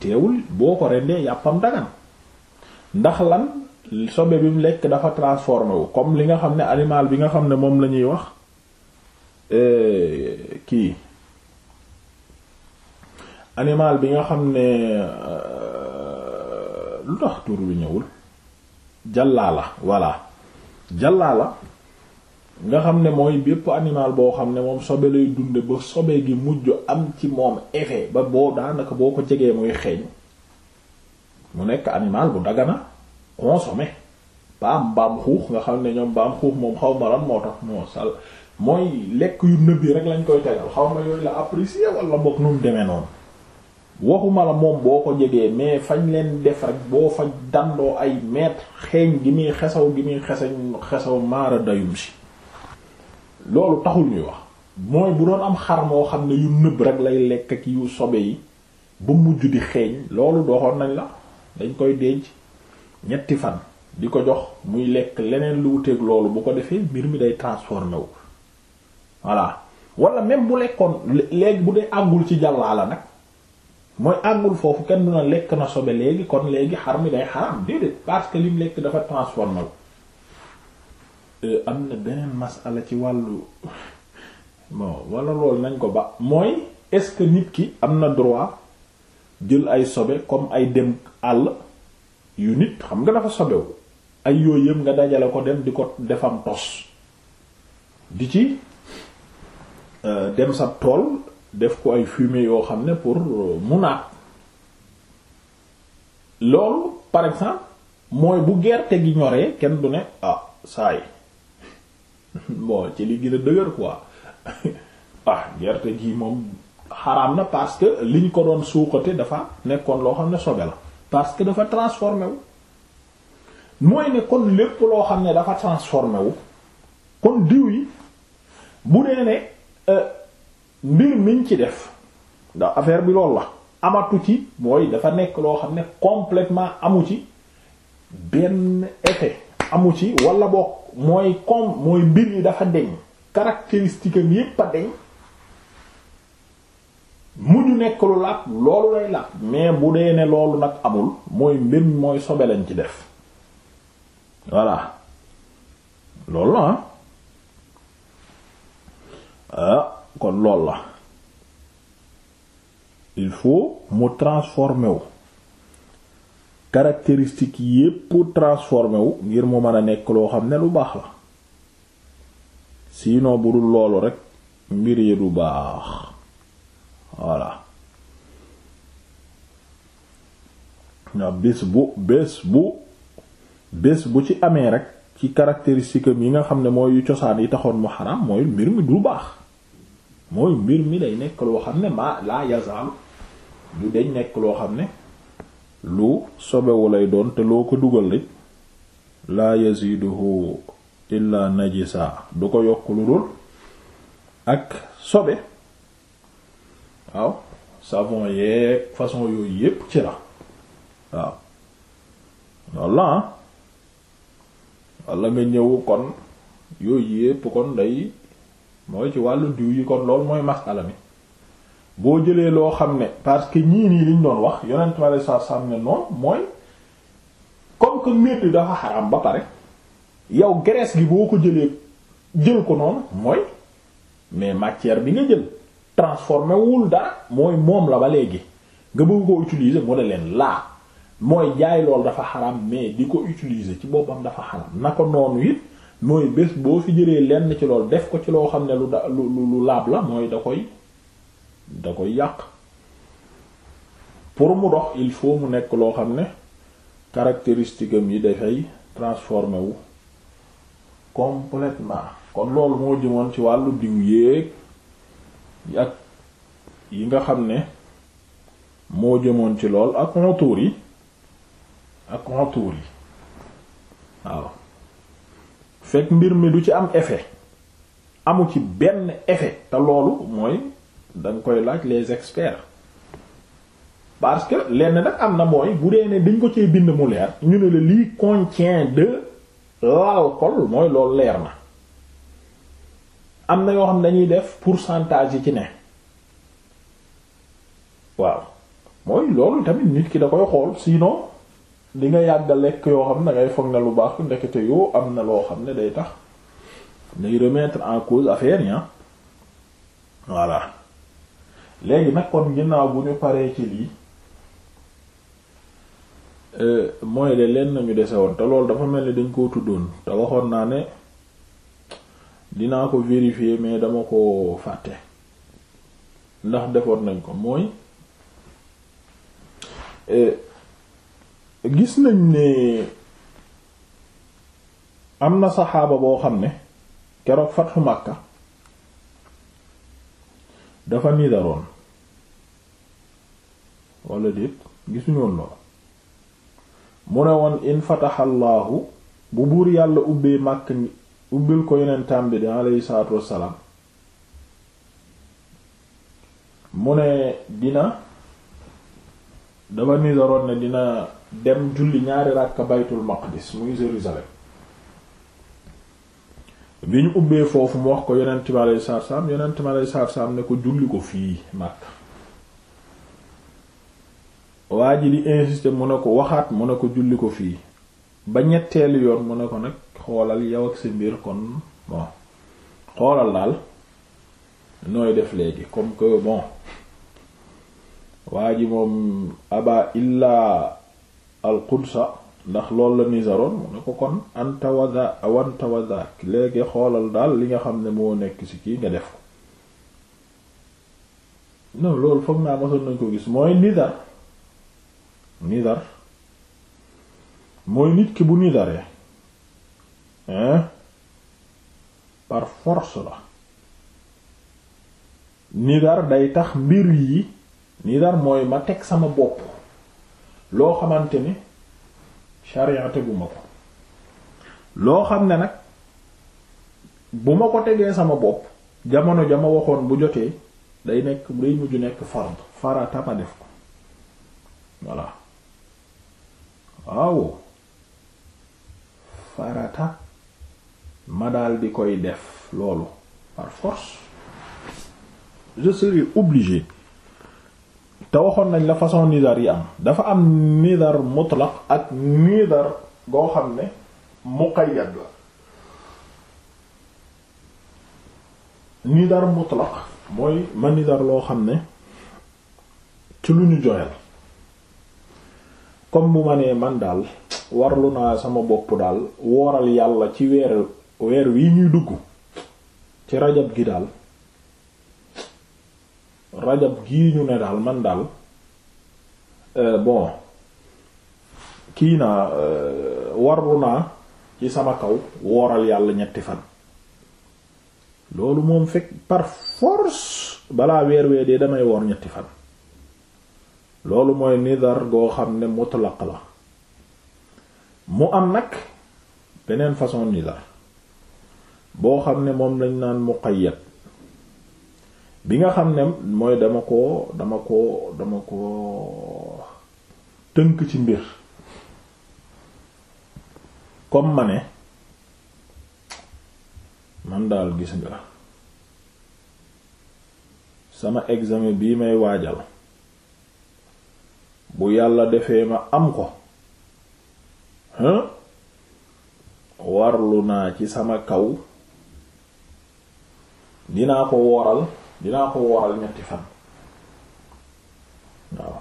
teewul boo ko rendee yàppam dagan ndax lan sobe bi mu lekk dafa transformé comme li nga xam ne animal bi nga xam ne moom la ñuy wax euh, kii animal bi nga xam ne euh, lu tax tur bi ñëwul jàllaa la voilà jàllaa la nga xam ne mooy bépp animal boo xam ne moom sobe lay dunde ba sobe gi mujj am ci moom effet ba boo daanaka boo ko jegee muy xeeñ mu nekk animal bu dagana consommé baam baam xuux nga xam ne ñoom baam xuux moom xaw ma lan moo tax lekk yu nëb yi rek lañ koy tegal xaw ma yooyu la apprécier wala boog nu mu demee noonu waxuma la moom boo ko jegee mais fañ leen def rek boo fañ dandoo ay mètre xeeñ gi muy xesaw gi muy xesañ xesaw maara dayum si loolu taxul ñuy wax mooy bu doon am xar moo xam ne yu nëb rek lay lekk ak yu sobe yi bu mujj di xeeñ loolu doxoon nañ la dañ koy denc ñetti fan di ko jox muy lekk leneen lu wuteeg loolu bu ko defee mbir mi day transformé wu voilà wala même bu lekkoon léegi bu dee àggul ci jàllaa la nag mooy àggul foofu kenn du na lekk na sobe léegi kon léegi xar mi day xaram déedéet parce que lim lekk dafa transformé wu Euh, am na beneen masala ci wàllu bon walla loolu nañ ko ba mooy est-ce que nit ki am na droit jël ay sobe comme ay dem àll yu nit xam nga dafa sobewu ay yooyu yëpp nga dajale ko dem di ko defam tos di ci euh, dem sa tool def ko ay fumier yoo xam ne pour euh, mu naat loolu par exemple mooy bu gerte gi ñoree kenn du ne ah saa [laughs] bon ci li gën a dëgër ko [laughs] ah gerte gi moom xaraam na parce que liñ ko doon suuxate dafa nekkoon loo xam ne sobe la parce que dafa transformé wu mooy ne kon lépp loo xam ne dafa transformé wu kon diw yi bu dee ne euh, mbir miñ ci def ndax affaire bi loolu la amatu ci mooy dafa nekk loo xam ne complètement amu ci benn effet amu ci wala bokk mooy comme mooy mbir yi dafa deñ caractéristique am yépp a deñ mu ñu nekk lu làpp loolu lay làpp mais bu dee ne loolu nag amul mooy mbir mooy sobe lañ ci def voilà loolu la ah, ah kon loolu la il faut mu transformer wu caractéristiques yépp transformé wu ngir mu man a nekk loo xam ne lu baax la sinon bu dul loolu rek mbir yi du baax voilà bés bu bés bu bu ci amee rek ci caractéristique am yi nga xam ne mooy yu cosaan yi taxoon mu xaraam mooy mbir mi du baax mooy mbir mi day nekk loo xam ne maa laa yazaalu du deñ nekk loo xam ne lu sobewu lay doon te loo ko dugal li laa yaziduhu illa najisa du ko yokk lu dul ak sobe waaw savon yeeg façon yooyu yépp ci la waaw walla walla nga ñëw kon yooyu yépp kon day mooy ci wàllu diw yi kon lool mooy masala mi boo jëlee loo xam ne parce que ñii nii liñ doon wax yonent ma sa sam ne noonu mooy comme que métti dafa xaram ba pare yow graisse gi boo ko jëlee jël ko noonu mooy mais matière bi nga jël transformé wul dara mooy moom la ba léegi nga bëgg ko utiliser mu ne leen laa mooy jaay lool dafa xaram mais di ko utiliser ci boppam dafa xaram na ko noonu it mooy bés boo fi jëlee lenn ci lool def ko ci loo xam ne lu da lu lu laab la mooy da koy. da koy yàq pour mu dox il faut mu nekk loo xam ne caractéristique am yi dafay transformé wu complètement kon loolu moo jëmoon ci wàllu diw yéeg ak yi nga xam ne moo jëmoon ci lool ak contours yi ak contours yi waaw fekk mbir mi du ci am effet amu ci benn effet te loolu mooy danga koy laaj les experts parce que lenn nag am na mooy bu dee ne dañ ko cee bind mu leer ñu ne la lii contient de l'alcool mooy loolu leer na am na yoo xam dañuy def pourcentage yi ci ne waaw mooy loolu tamit nit ki da koy xool sinon di nga yàgg lekk yoo xam ne dangay foog ne lu baax ndekete yoo am na loo xam ne day tax day remettre en cause affaire yi ah. léegi nag kon ginnaaw bu ñu paree ci lii euh, mooy de leen ñu dese woon te loolu dafa mel ni dañ koo tuddoon te waxoon naa ne dinaa ko vérifier mais dama ko fàtte ndax defoon nañ ko mooy euh, gis nañ ne am na saxaaba boo xam ne keroog fatxu Makka dafa nidaroon wala déet gisuñu woon lool mu ne woon in bu buur yàlla ubbee màkk ubbil ko yonentam bi di aleyhi salaatu wassalaam mu ne dina dafa nidaroon ne dina dem julli ñaari ràkka baytul maqdis muy Jérusalem bi ñu ubbee foofu mu wax ko yonent bi alayhi salaatu salaam yonent bi alayhi salaatu salaam ne ko julli ko fii Makka waa ji di insister mu ne ko waxaat mu ne ko julli ko fii ba ñetteelu yoon mu ne ko nag xoolal yow ak sa mbir kon bon xoolal daal nooy def léegi comme que bon waa ji moom aba illa al qudsa ndax loolu la nizaroon mu ne ko kon anta wa dha léegi xoolal daal li nga xam ne moo nekk ci kii nga def ko non loolu foog naa mosoon nañ ko gis mooy nizar nizar mooy nit ki bu nizaree hein par force la nidar day tax mbir yi nidar mooy ma teg sama bopp loo xamante ni sharia teguma ko loo xam ne nag bu ma ko tegee sama bopp jamono ja ma waxoon bu jotee day nekk day mujj nekk fard farata ma def ko voilà waaw farata ma dal di koy def loolu par force je serai obligé te waxoon nañ la façon nidar yi am dafa am nidar mutlaq ak nidar goo xam ne muqayyad la nidar mutlaq mooy ma nidar loo xam ne ci lu ñu joyal comme bu ma nee man daal warlu naa sama bopp daal wooral yàlla ci weer weer wi ñuy dugg ci rajab gi daal rajab gii ñu ne daal man daal euh, bon kii naa euh, warlu naa ci sama kaw wooral yàlla ñetti fan loolu moom fekk par force balaa weer wee dee damay woor ñetti fan loolu mooy nidar goo xam ne mutlaq la mu am nag beneen façon nidar boo xam ne moom lañ naan muqayyad bi nga xam ne mooy dama ko dama ko dama ko tënk ci mbir comme ma ne man daal gis nga sama examen bii may waajal bu yàlla defee ma am ko hein warlu naa ci sama kaw dinaa ko woral dinaa ko waral ñetti fan waaw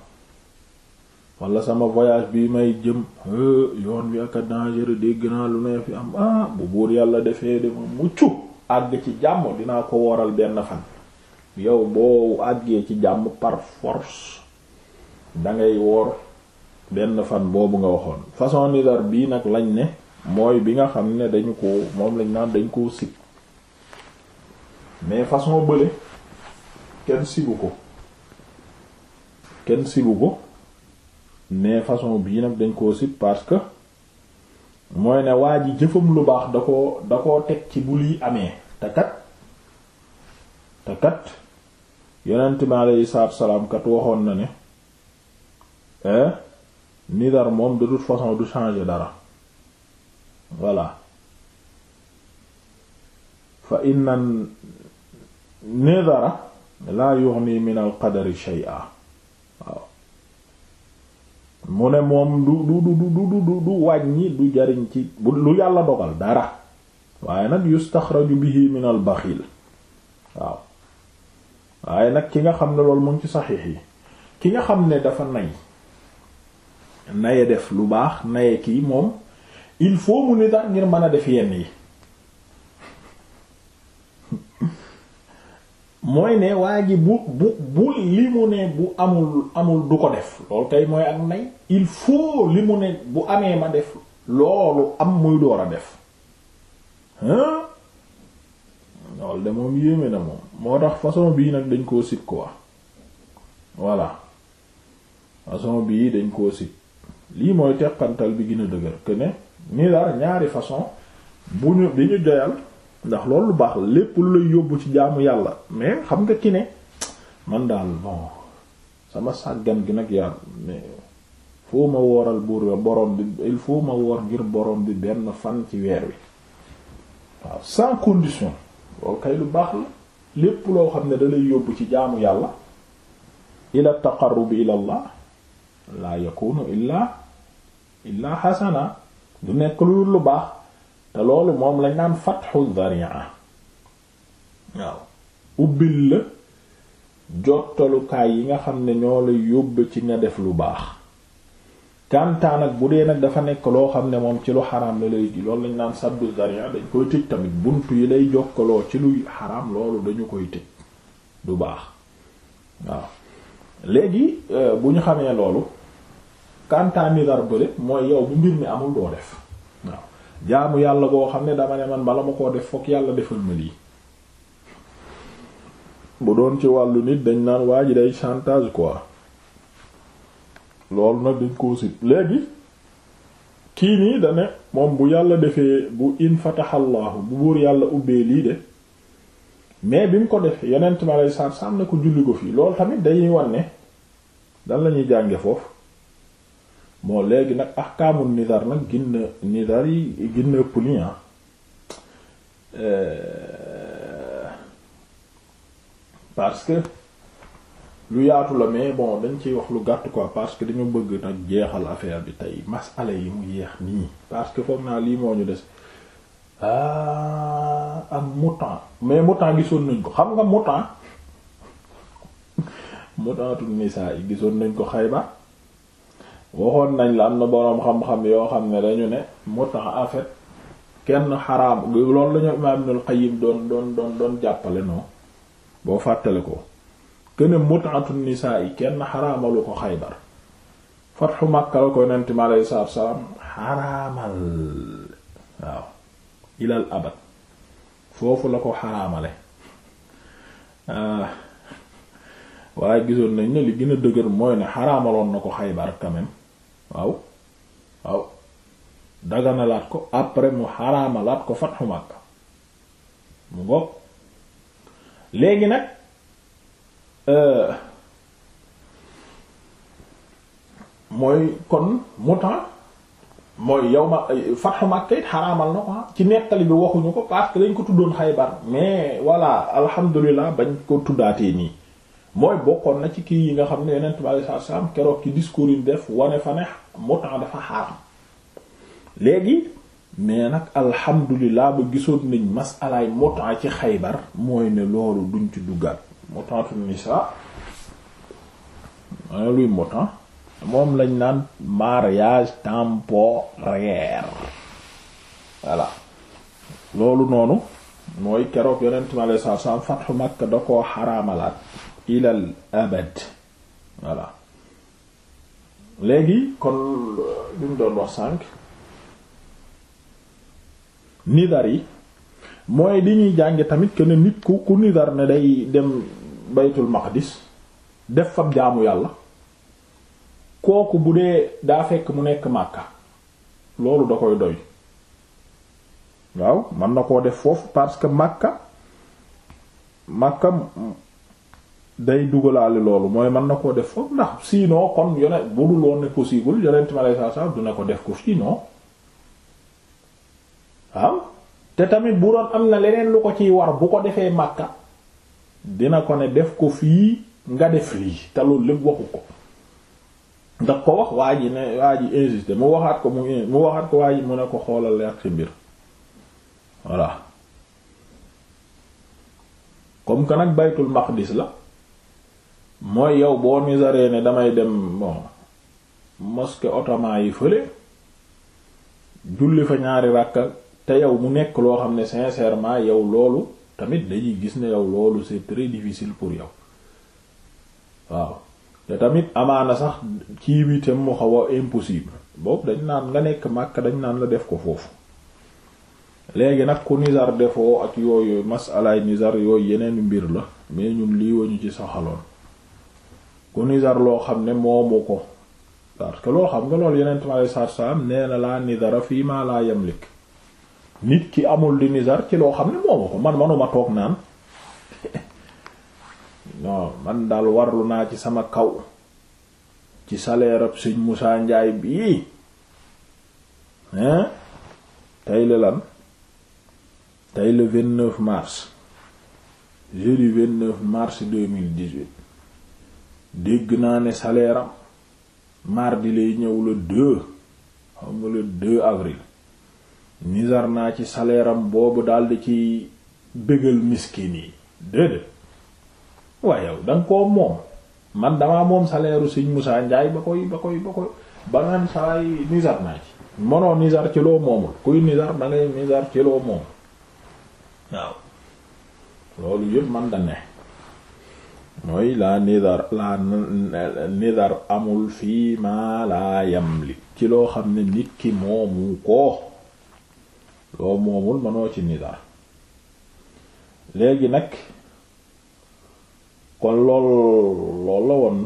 wala sama voyage bi may jëm eh, yoon wi ak a dégg naa lu ne fi am ah, bu buur yàlla defee dama mucc àgg ci jàmm dinaa ko waral benn fan yow boo àggee ci jàmm par force dangay woor benn fan boobu nga waxoon façon nidar bii nag lañ ne mooy bi nga xam ne dañu ko moom lañ naan dañ koo sit mais façon bële kenn sibu ko kenn sibu ko mais façon bii nag dañ koo sib parce que mooy ne waa ji jëfam lu baax da koo da koo teg ci bu lii amee te kat te kat yonent mi aleyhi salaatu salaam kat waxoon na ne nidar moom de toute façon du changer dara voilà fa inna nidara laa yughni min al qadari shay'a waaw mu ne moom du du du du du du wàññi du jariñ ci bu lu yàlla dogal dara waaye nag yustaxraju bihi min al baxiil waaw waaye nag ki nga xam ne loolu mu ci saxiix yi ki nga xam ne dafa nay naye def lu baax naye kii moom il faut mu ni dax ngir mën a def yenn yi mooy ne waa ji bu bu bu li mu ne bu amul amul du ko def loolu tey mooy ak nay il faut li mu ne bu amee ma def loolu am muy door a def hein loolu de moom yéeme na moom moo tax façon bii nag dañ koo sit quoi voilà façon bii dañ koo sit lii mooy teqantal bi gën a dëgër que ne ni daal ñaari façon bu ñu bi ñu joyal ndax loolu lu baax la lépp lu lay yóbbu ci jaamu yàlla mais xam nga ki ne man daal bon sama sàggan gi nag yàlla mais foo ma wooral buur borom bi il faut ma woor ngir boroom bi benn fan ci weer wi waaw sans condition loolu kay lu baax la lépp loo xam ne da lay yóbbu ci jaamu yàlla ila taqarrubi ila allah laa yakunu illa illa hasana du nekk lu lu baax te loolu moom lañ naan fatxu dhari'a waaw ubbil la jottalukaay yi nga xam ne ñoo la yóbbe ci nga def lu baax kantaan ak bu dee nag dafa nekk loo xam ne moom ci lu xaraam la lay di loolu lañ naan saddu zariya dañ koy tëj tamit bunt yi lay jokkaloo ci luy xaram loolu dañu koy tëj du baax waaw léegi euh, bu ñu xamee loolu kantaan ni dar bële mooy yow bu mbir mi amul doo def jaamu yàlla boo xam ne dama ne man bala ma koo def fokk yàlla defal ma lii bu doon ci wàllu nit dañ naan waa ji day chantage quoi loolu nag dañ koo sit léegi kii nii da moom bu yàlla defee bu in fataxallaahu bu buur yàlla ubbee lii de mais bi mu ko def yonent ma lay sàr sànni ko julli ko fii lool tamit dañuy wan ne dan la ñuy jànge foofu. bon léegi nag ahkaamul nizar nag ginna nizar yi ginna ëpp ah. euh, parce que lu yaatu la mais bon dañ ciy wax lu gàtt quoi parce que dañu bëgg nag jeexal affaire bi tey masala yi mu yeex nii parce que foog naa lii moo ñu des ah am mutan mais mutan gisoon nañ ko xam nga mutan [laughs] mutatul nisaa yi gisoon nañ ko Xaybar waxoon nañ la am na boroom xam-xam yoo xam ne dañu ne moo tax en fait kenn xaraam loolu la ñu imaam Ibnul Qayyim doon doon doon doon jàppale noo boo fàttale ko kene mut'atu nisaa yi kenn xaraamalu ko Xaybar fatxu Makka la ko yonent mi alayhi salaatu salaam xaraamal waaw ilal abad foofu la ko xaraamale waaye gisoon nañ ne li gën a dëgër mooy ne xaraamaloon na ko Xaybar quand waaw waaw daganalaat ko après mu xaraamalaat ko fatxu Makka mu ngoog léegi nag euh, mooy kon muta mooy yow ma fatxu Makka it xaraamal na ko ah, ci nettali bi waxuñu ko parce que dañ ko tuddoon Xaybar mais voilà alhamdulilah bañ ko tuddaatee nii mooy bokkoon na ci kii yi nga xam ne yonent bi alayhi salaam keroog ci discours yi def wane fa ne muta dafa xaatu léegi mais nag alhamdulilah ba gisoon nañ masalaay muta ci xaybar mooy ne loolu duñ ci duggaat mutatu nisa mana luy muta moom lañ naan mariage temporaire voilà loolu noonu mooy keroog yonent bi alayhi salaam fathu Makka da koo xaraamalaat ilal abad voilà léegi kon li doon wax sànq nidar yi mooy li ñuy jànge tamit que nit ku ku nidar ne day dem baytul maqdis def fab jaamu yàlla kooku bu dee daa fekk mu nekk màkka loolu da koy doy waaw mën na koo def foofu parce que màkka màkka day dugalaale loolu mooy mën na koo def foofu ndax sinon kon yone bu dul woon ne possible yonent ma lay saa saa dina ko def ko fii noo waaw te tamit bu doon am na leneen lu ko ciy war bu ko defee Makka dina ko ne def ko fii nga def lii te loolu lépp waxu ko ndax ko wax waa ji ne waa ji insisté mu waxaat ko mu mu waxaat ko waa ji mu ne ko xoolal ak ci mbir voilà comme que nag baytul maqdis la mooy yow boo misaree ne damay dem bon mosquée ottoman yi fële julli fa ñaari ràkka te yow mu nekk loo xam ne sincèrement yow loolu tamit dañuy gis ne yow loolu c'est très difficile pour yow waaw te tamit amaana sax kii bi tam mu xaw impossible boobu dañ naan nga nekk màkk dañ naan la def ko foofu léegi nag ku nizar defoo ak yooyu masalaay nizar yooyu yeneen mbir la mais ñun lii wañu ci saxaloon ku nizar loo xam ne moomu ko parce que loo xam nga loolu yeneen mi alei saatu salaam nee na laa nizara fii maa laa yamlik nit ki amul di nizar ci loo xam ne moomu ko man manuma toog naan [laughs] non man daal warlu naa ci sama kaw ci salaire ab sëñ Moussa Ndiaye bii hein lan tey vingt neuf mars jeudi vingt neuf mars deux mille dégg naa ne saleeram am mardi lay ñëw le 2 xam nga avril nisar naa ci saleeram am boobu daldi ci bégal miskin yi déedéet waaye yow danga koo moom man damaa moom salaire u Sëriñ Moussa ba koy ba koy ba koy ba naan nisar naa ci mënoo nisar ci loo moomul kuy nisar da nisar ci loo moom waaw loolu yëpp man da mooy laa nidar laa amul fii ma laa yamli ci loo xam ne nit ki moomu ko loo moomul mënoo ci nidar léegi nag kon lool lool la woon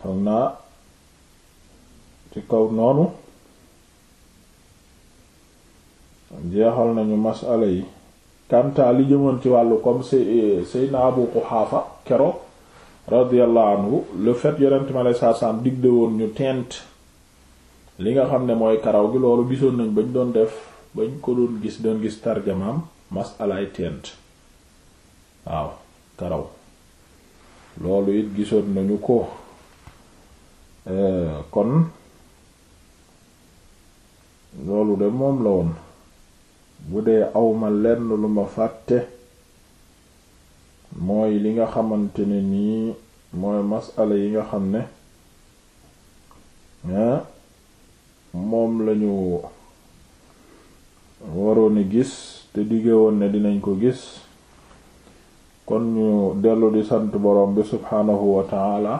xam ci kaw noonu jeexal nañu masala yi kanta li jëmoon ci wàllu comme eh, Seydina Abu Quhafa keroog radiyallahu anhu le fait yonent ma alei saatu salaam digde woon ñu teent li nga xam ne mooy karaw gi loolu gisoon nañ bañ doon def bañ ko doon gis doon gis tarjamaam masalaay teent waaw karaw loolu it gisoon nañu ko eh, kon loolu de moom la woon bu dee awma lenn lu ma fàtte mooy li nga xamante ne nii mooy masala yi nga xam ne ah moom lañu waroon a gis te digge woon ne dinañ ko gis kon ñu dellu di sant borom bi subhaanahu wa taala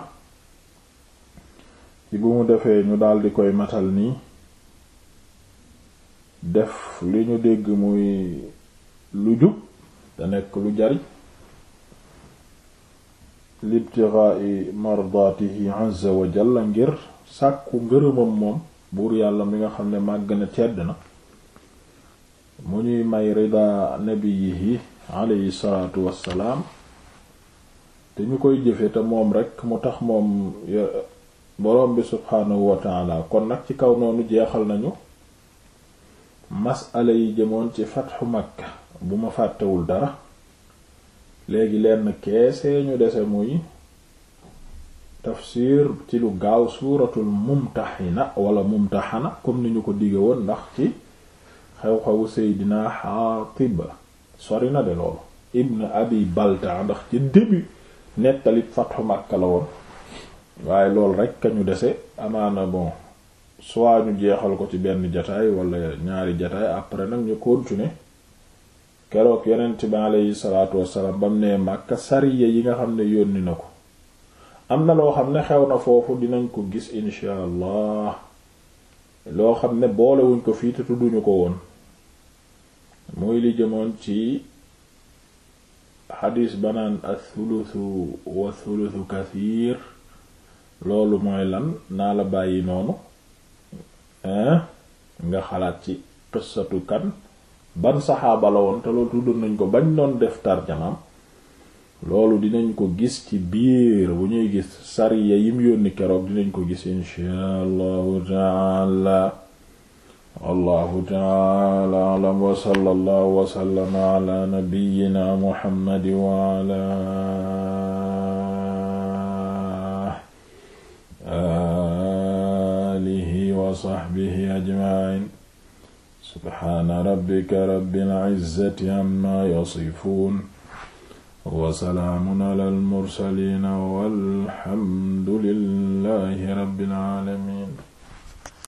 ci bu mu defee ñu daldi koy matal nii def li ñu dégg muy lu jub te nekk lu jariñ libtirai mardatihi azza wa jalla ngir sàkku ngërëmam moom buur yàlla mi nga xam ne màgg na tedd na mu ñuy may rida nabiyihi alayhi salaatu wassalaam te ñu koy jëfe te moom rekk mu tax moom boroom bi subhaanahu wa kon nag ci kaw noonu jeexal nañu masala yi jëmoon ci fatxu makka bu ma fàttewul dara léegi lenn keesee ñu dese muy tafsir ci lu gaaw suuratul mumtaxina wala mumtaxana comme ni ñu ko diggee woon ndax ci xew-xewu seydina xaatib sori na de loolu ibn abi balta ndax ci début nettali fatxu makka la woon waaye loolu rekk ka ñu dese amaana bon soit ñu jeexal ko ci benn jataay wala ñaari jataay après nag ñu continuer keroog yonent bi aleyhi salaatu wassalaam bam ne Makka sariya yi nga xam ne yónni na ko am na loo xam ne xew na foofu dinañ ko gis insha allah loo xam ne boolewuñ ko fii te tudduñu ko woon muy li jëmoon ci xadiis banaan athuluthu wa thuluthu kathiir loolu mooy lan naa la bàyyi noonu nga xalaat ci qissatu kan ban saxaaba la woon te loolu tuddoon nañ ko bañ doon def tarjamaam loolu dinañ ko gis ci biir bu ñuy gis sariya yim yónni keroog dinañ ko gis inshaa allahu taala wallahu taala alam wa sallallahu wa sallama ala nabiyyina muhammad wa ala wa saxbihi ajmaciin subxaana rabbika rabbil izzati amma yasifuun wa salaamun alal mursaliin walhamdu lillaahi rabbil aalamiin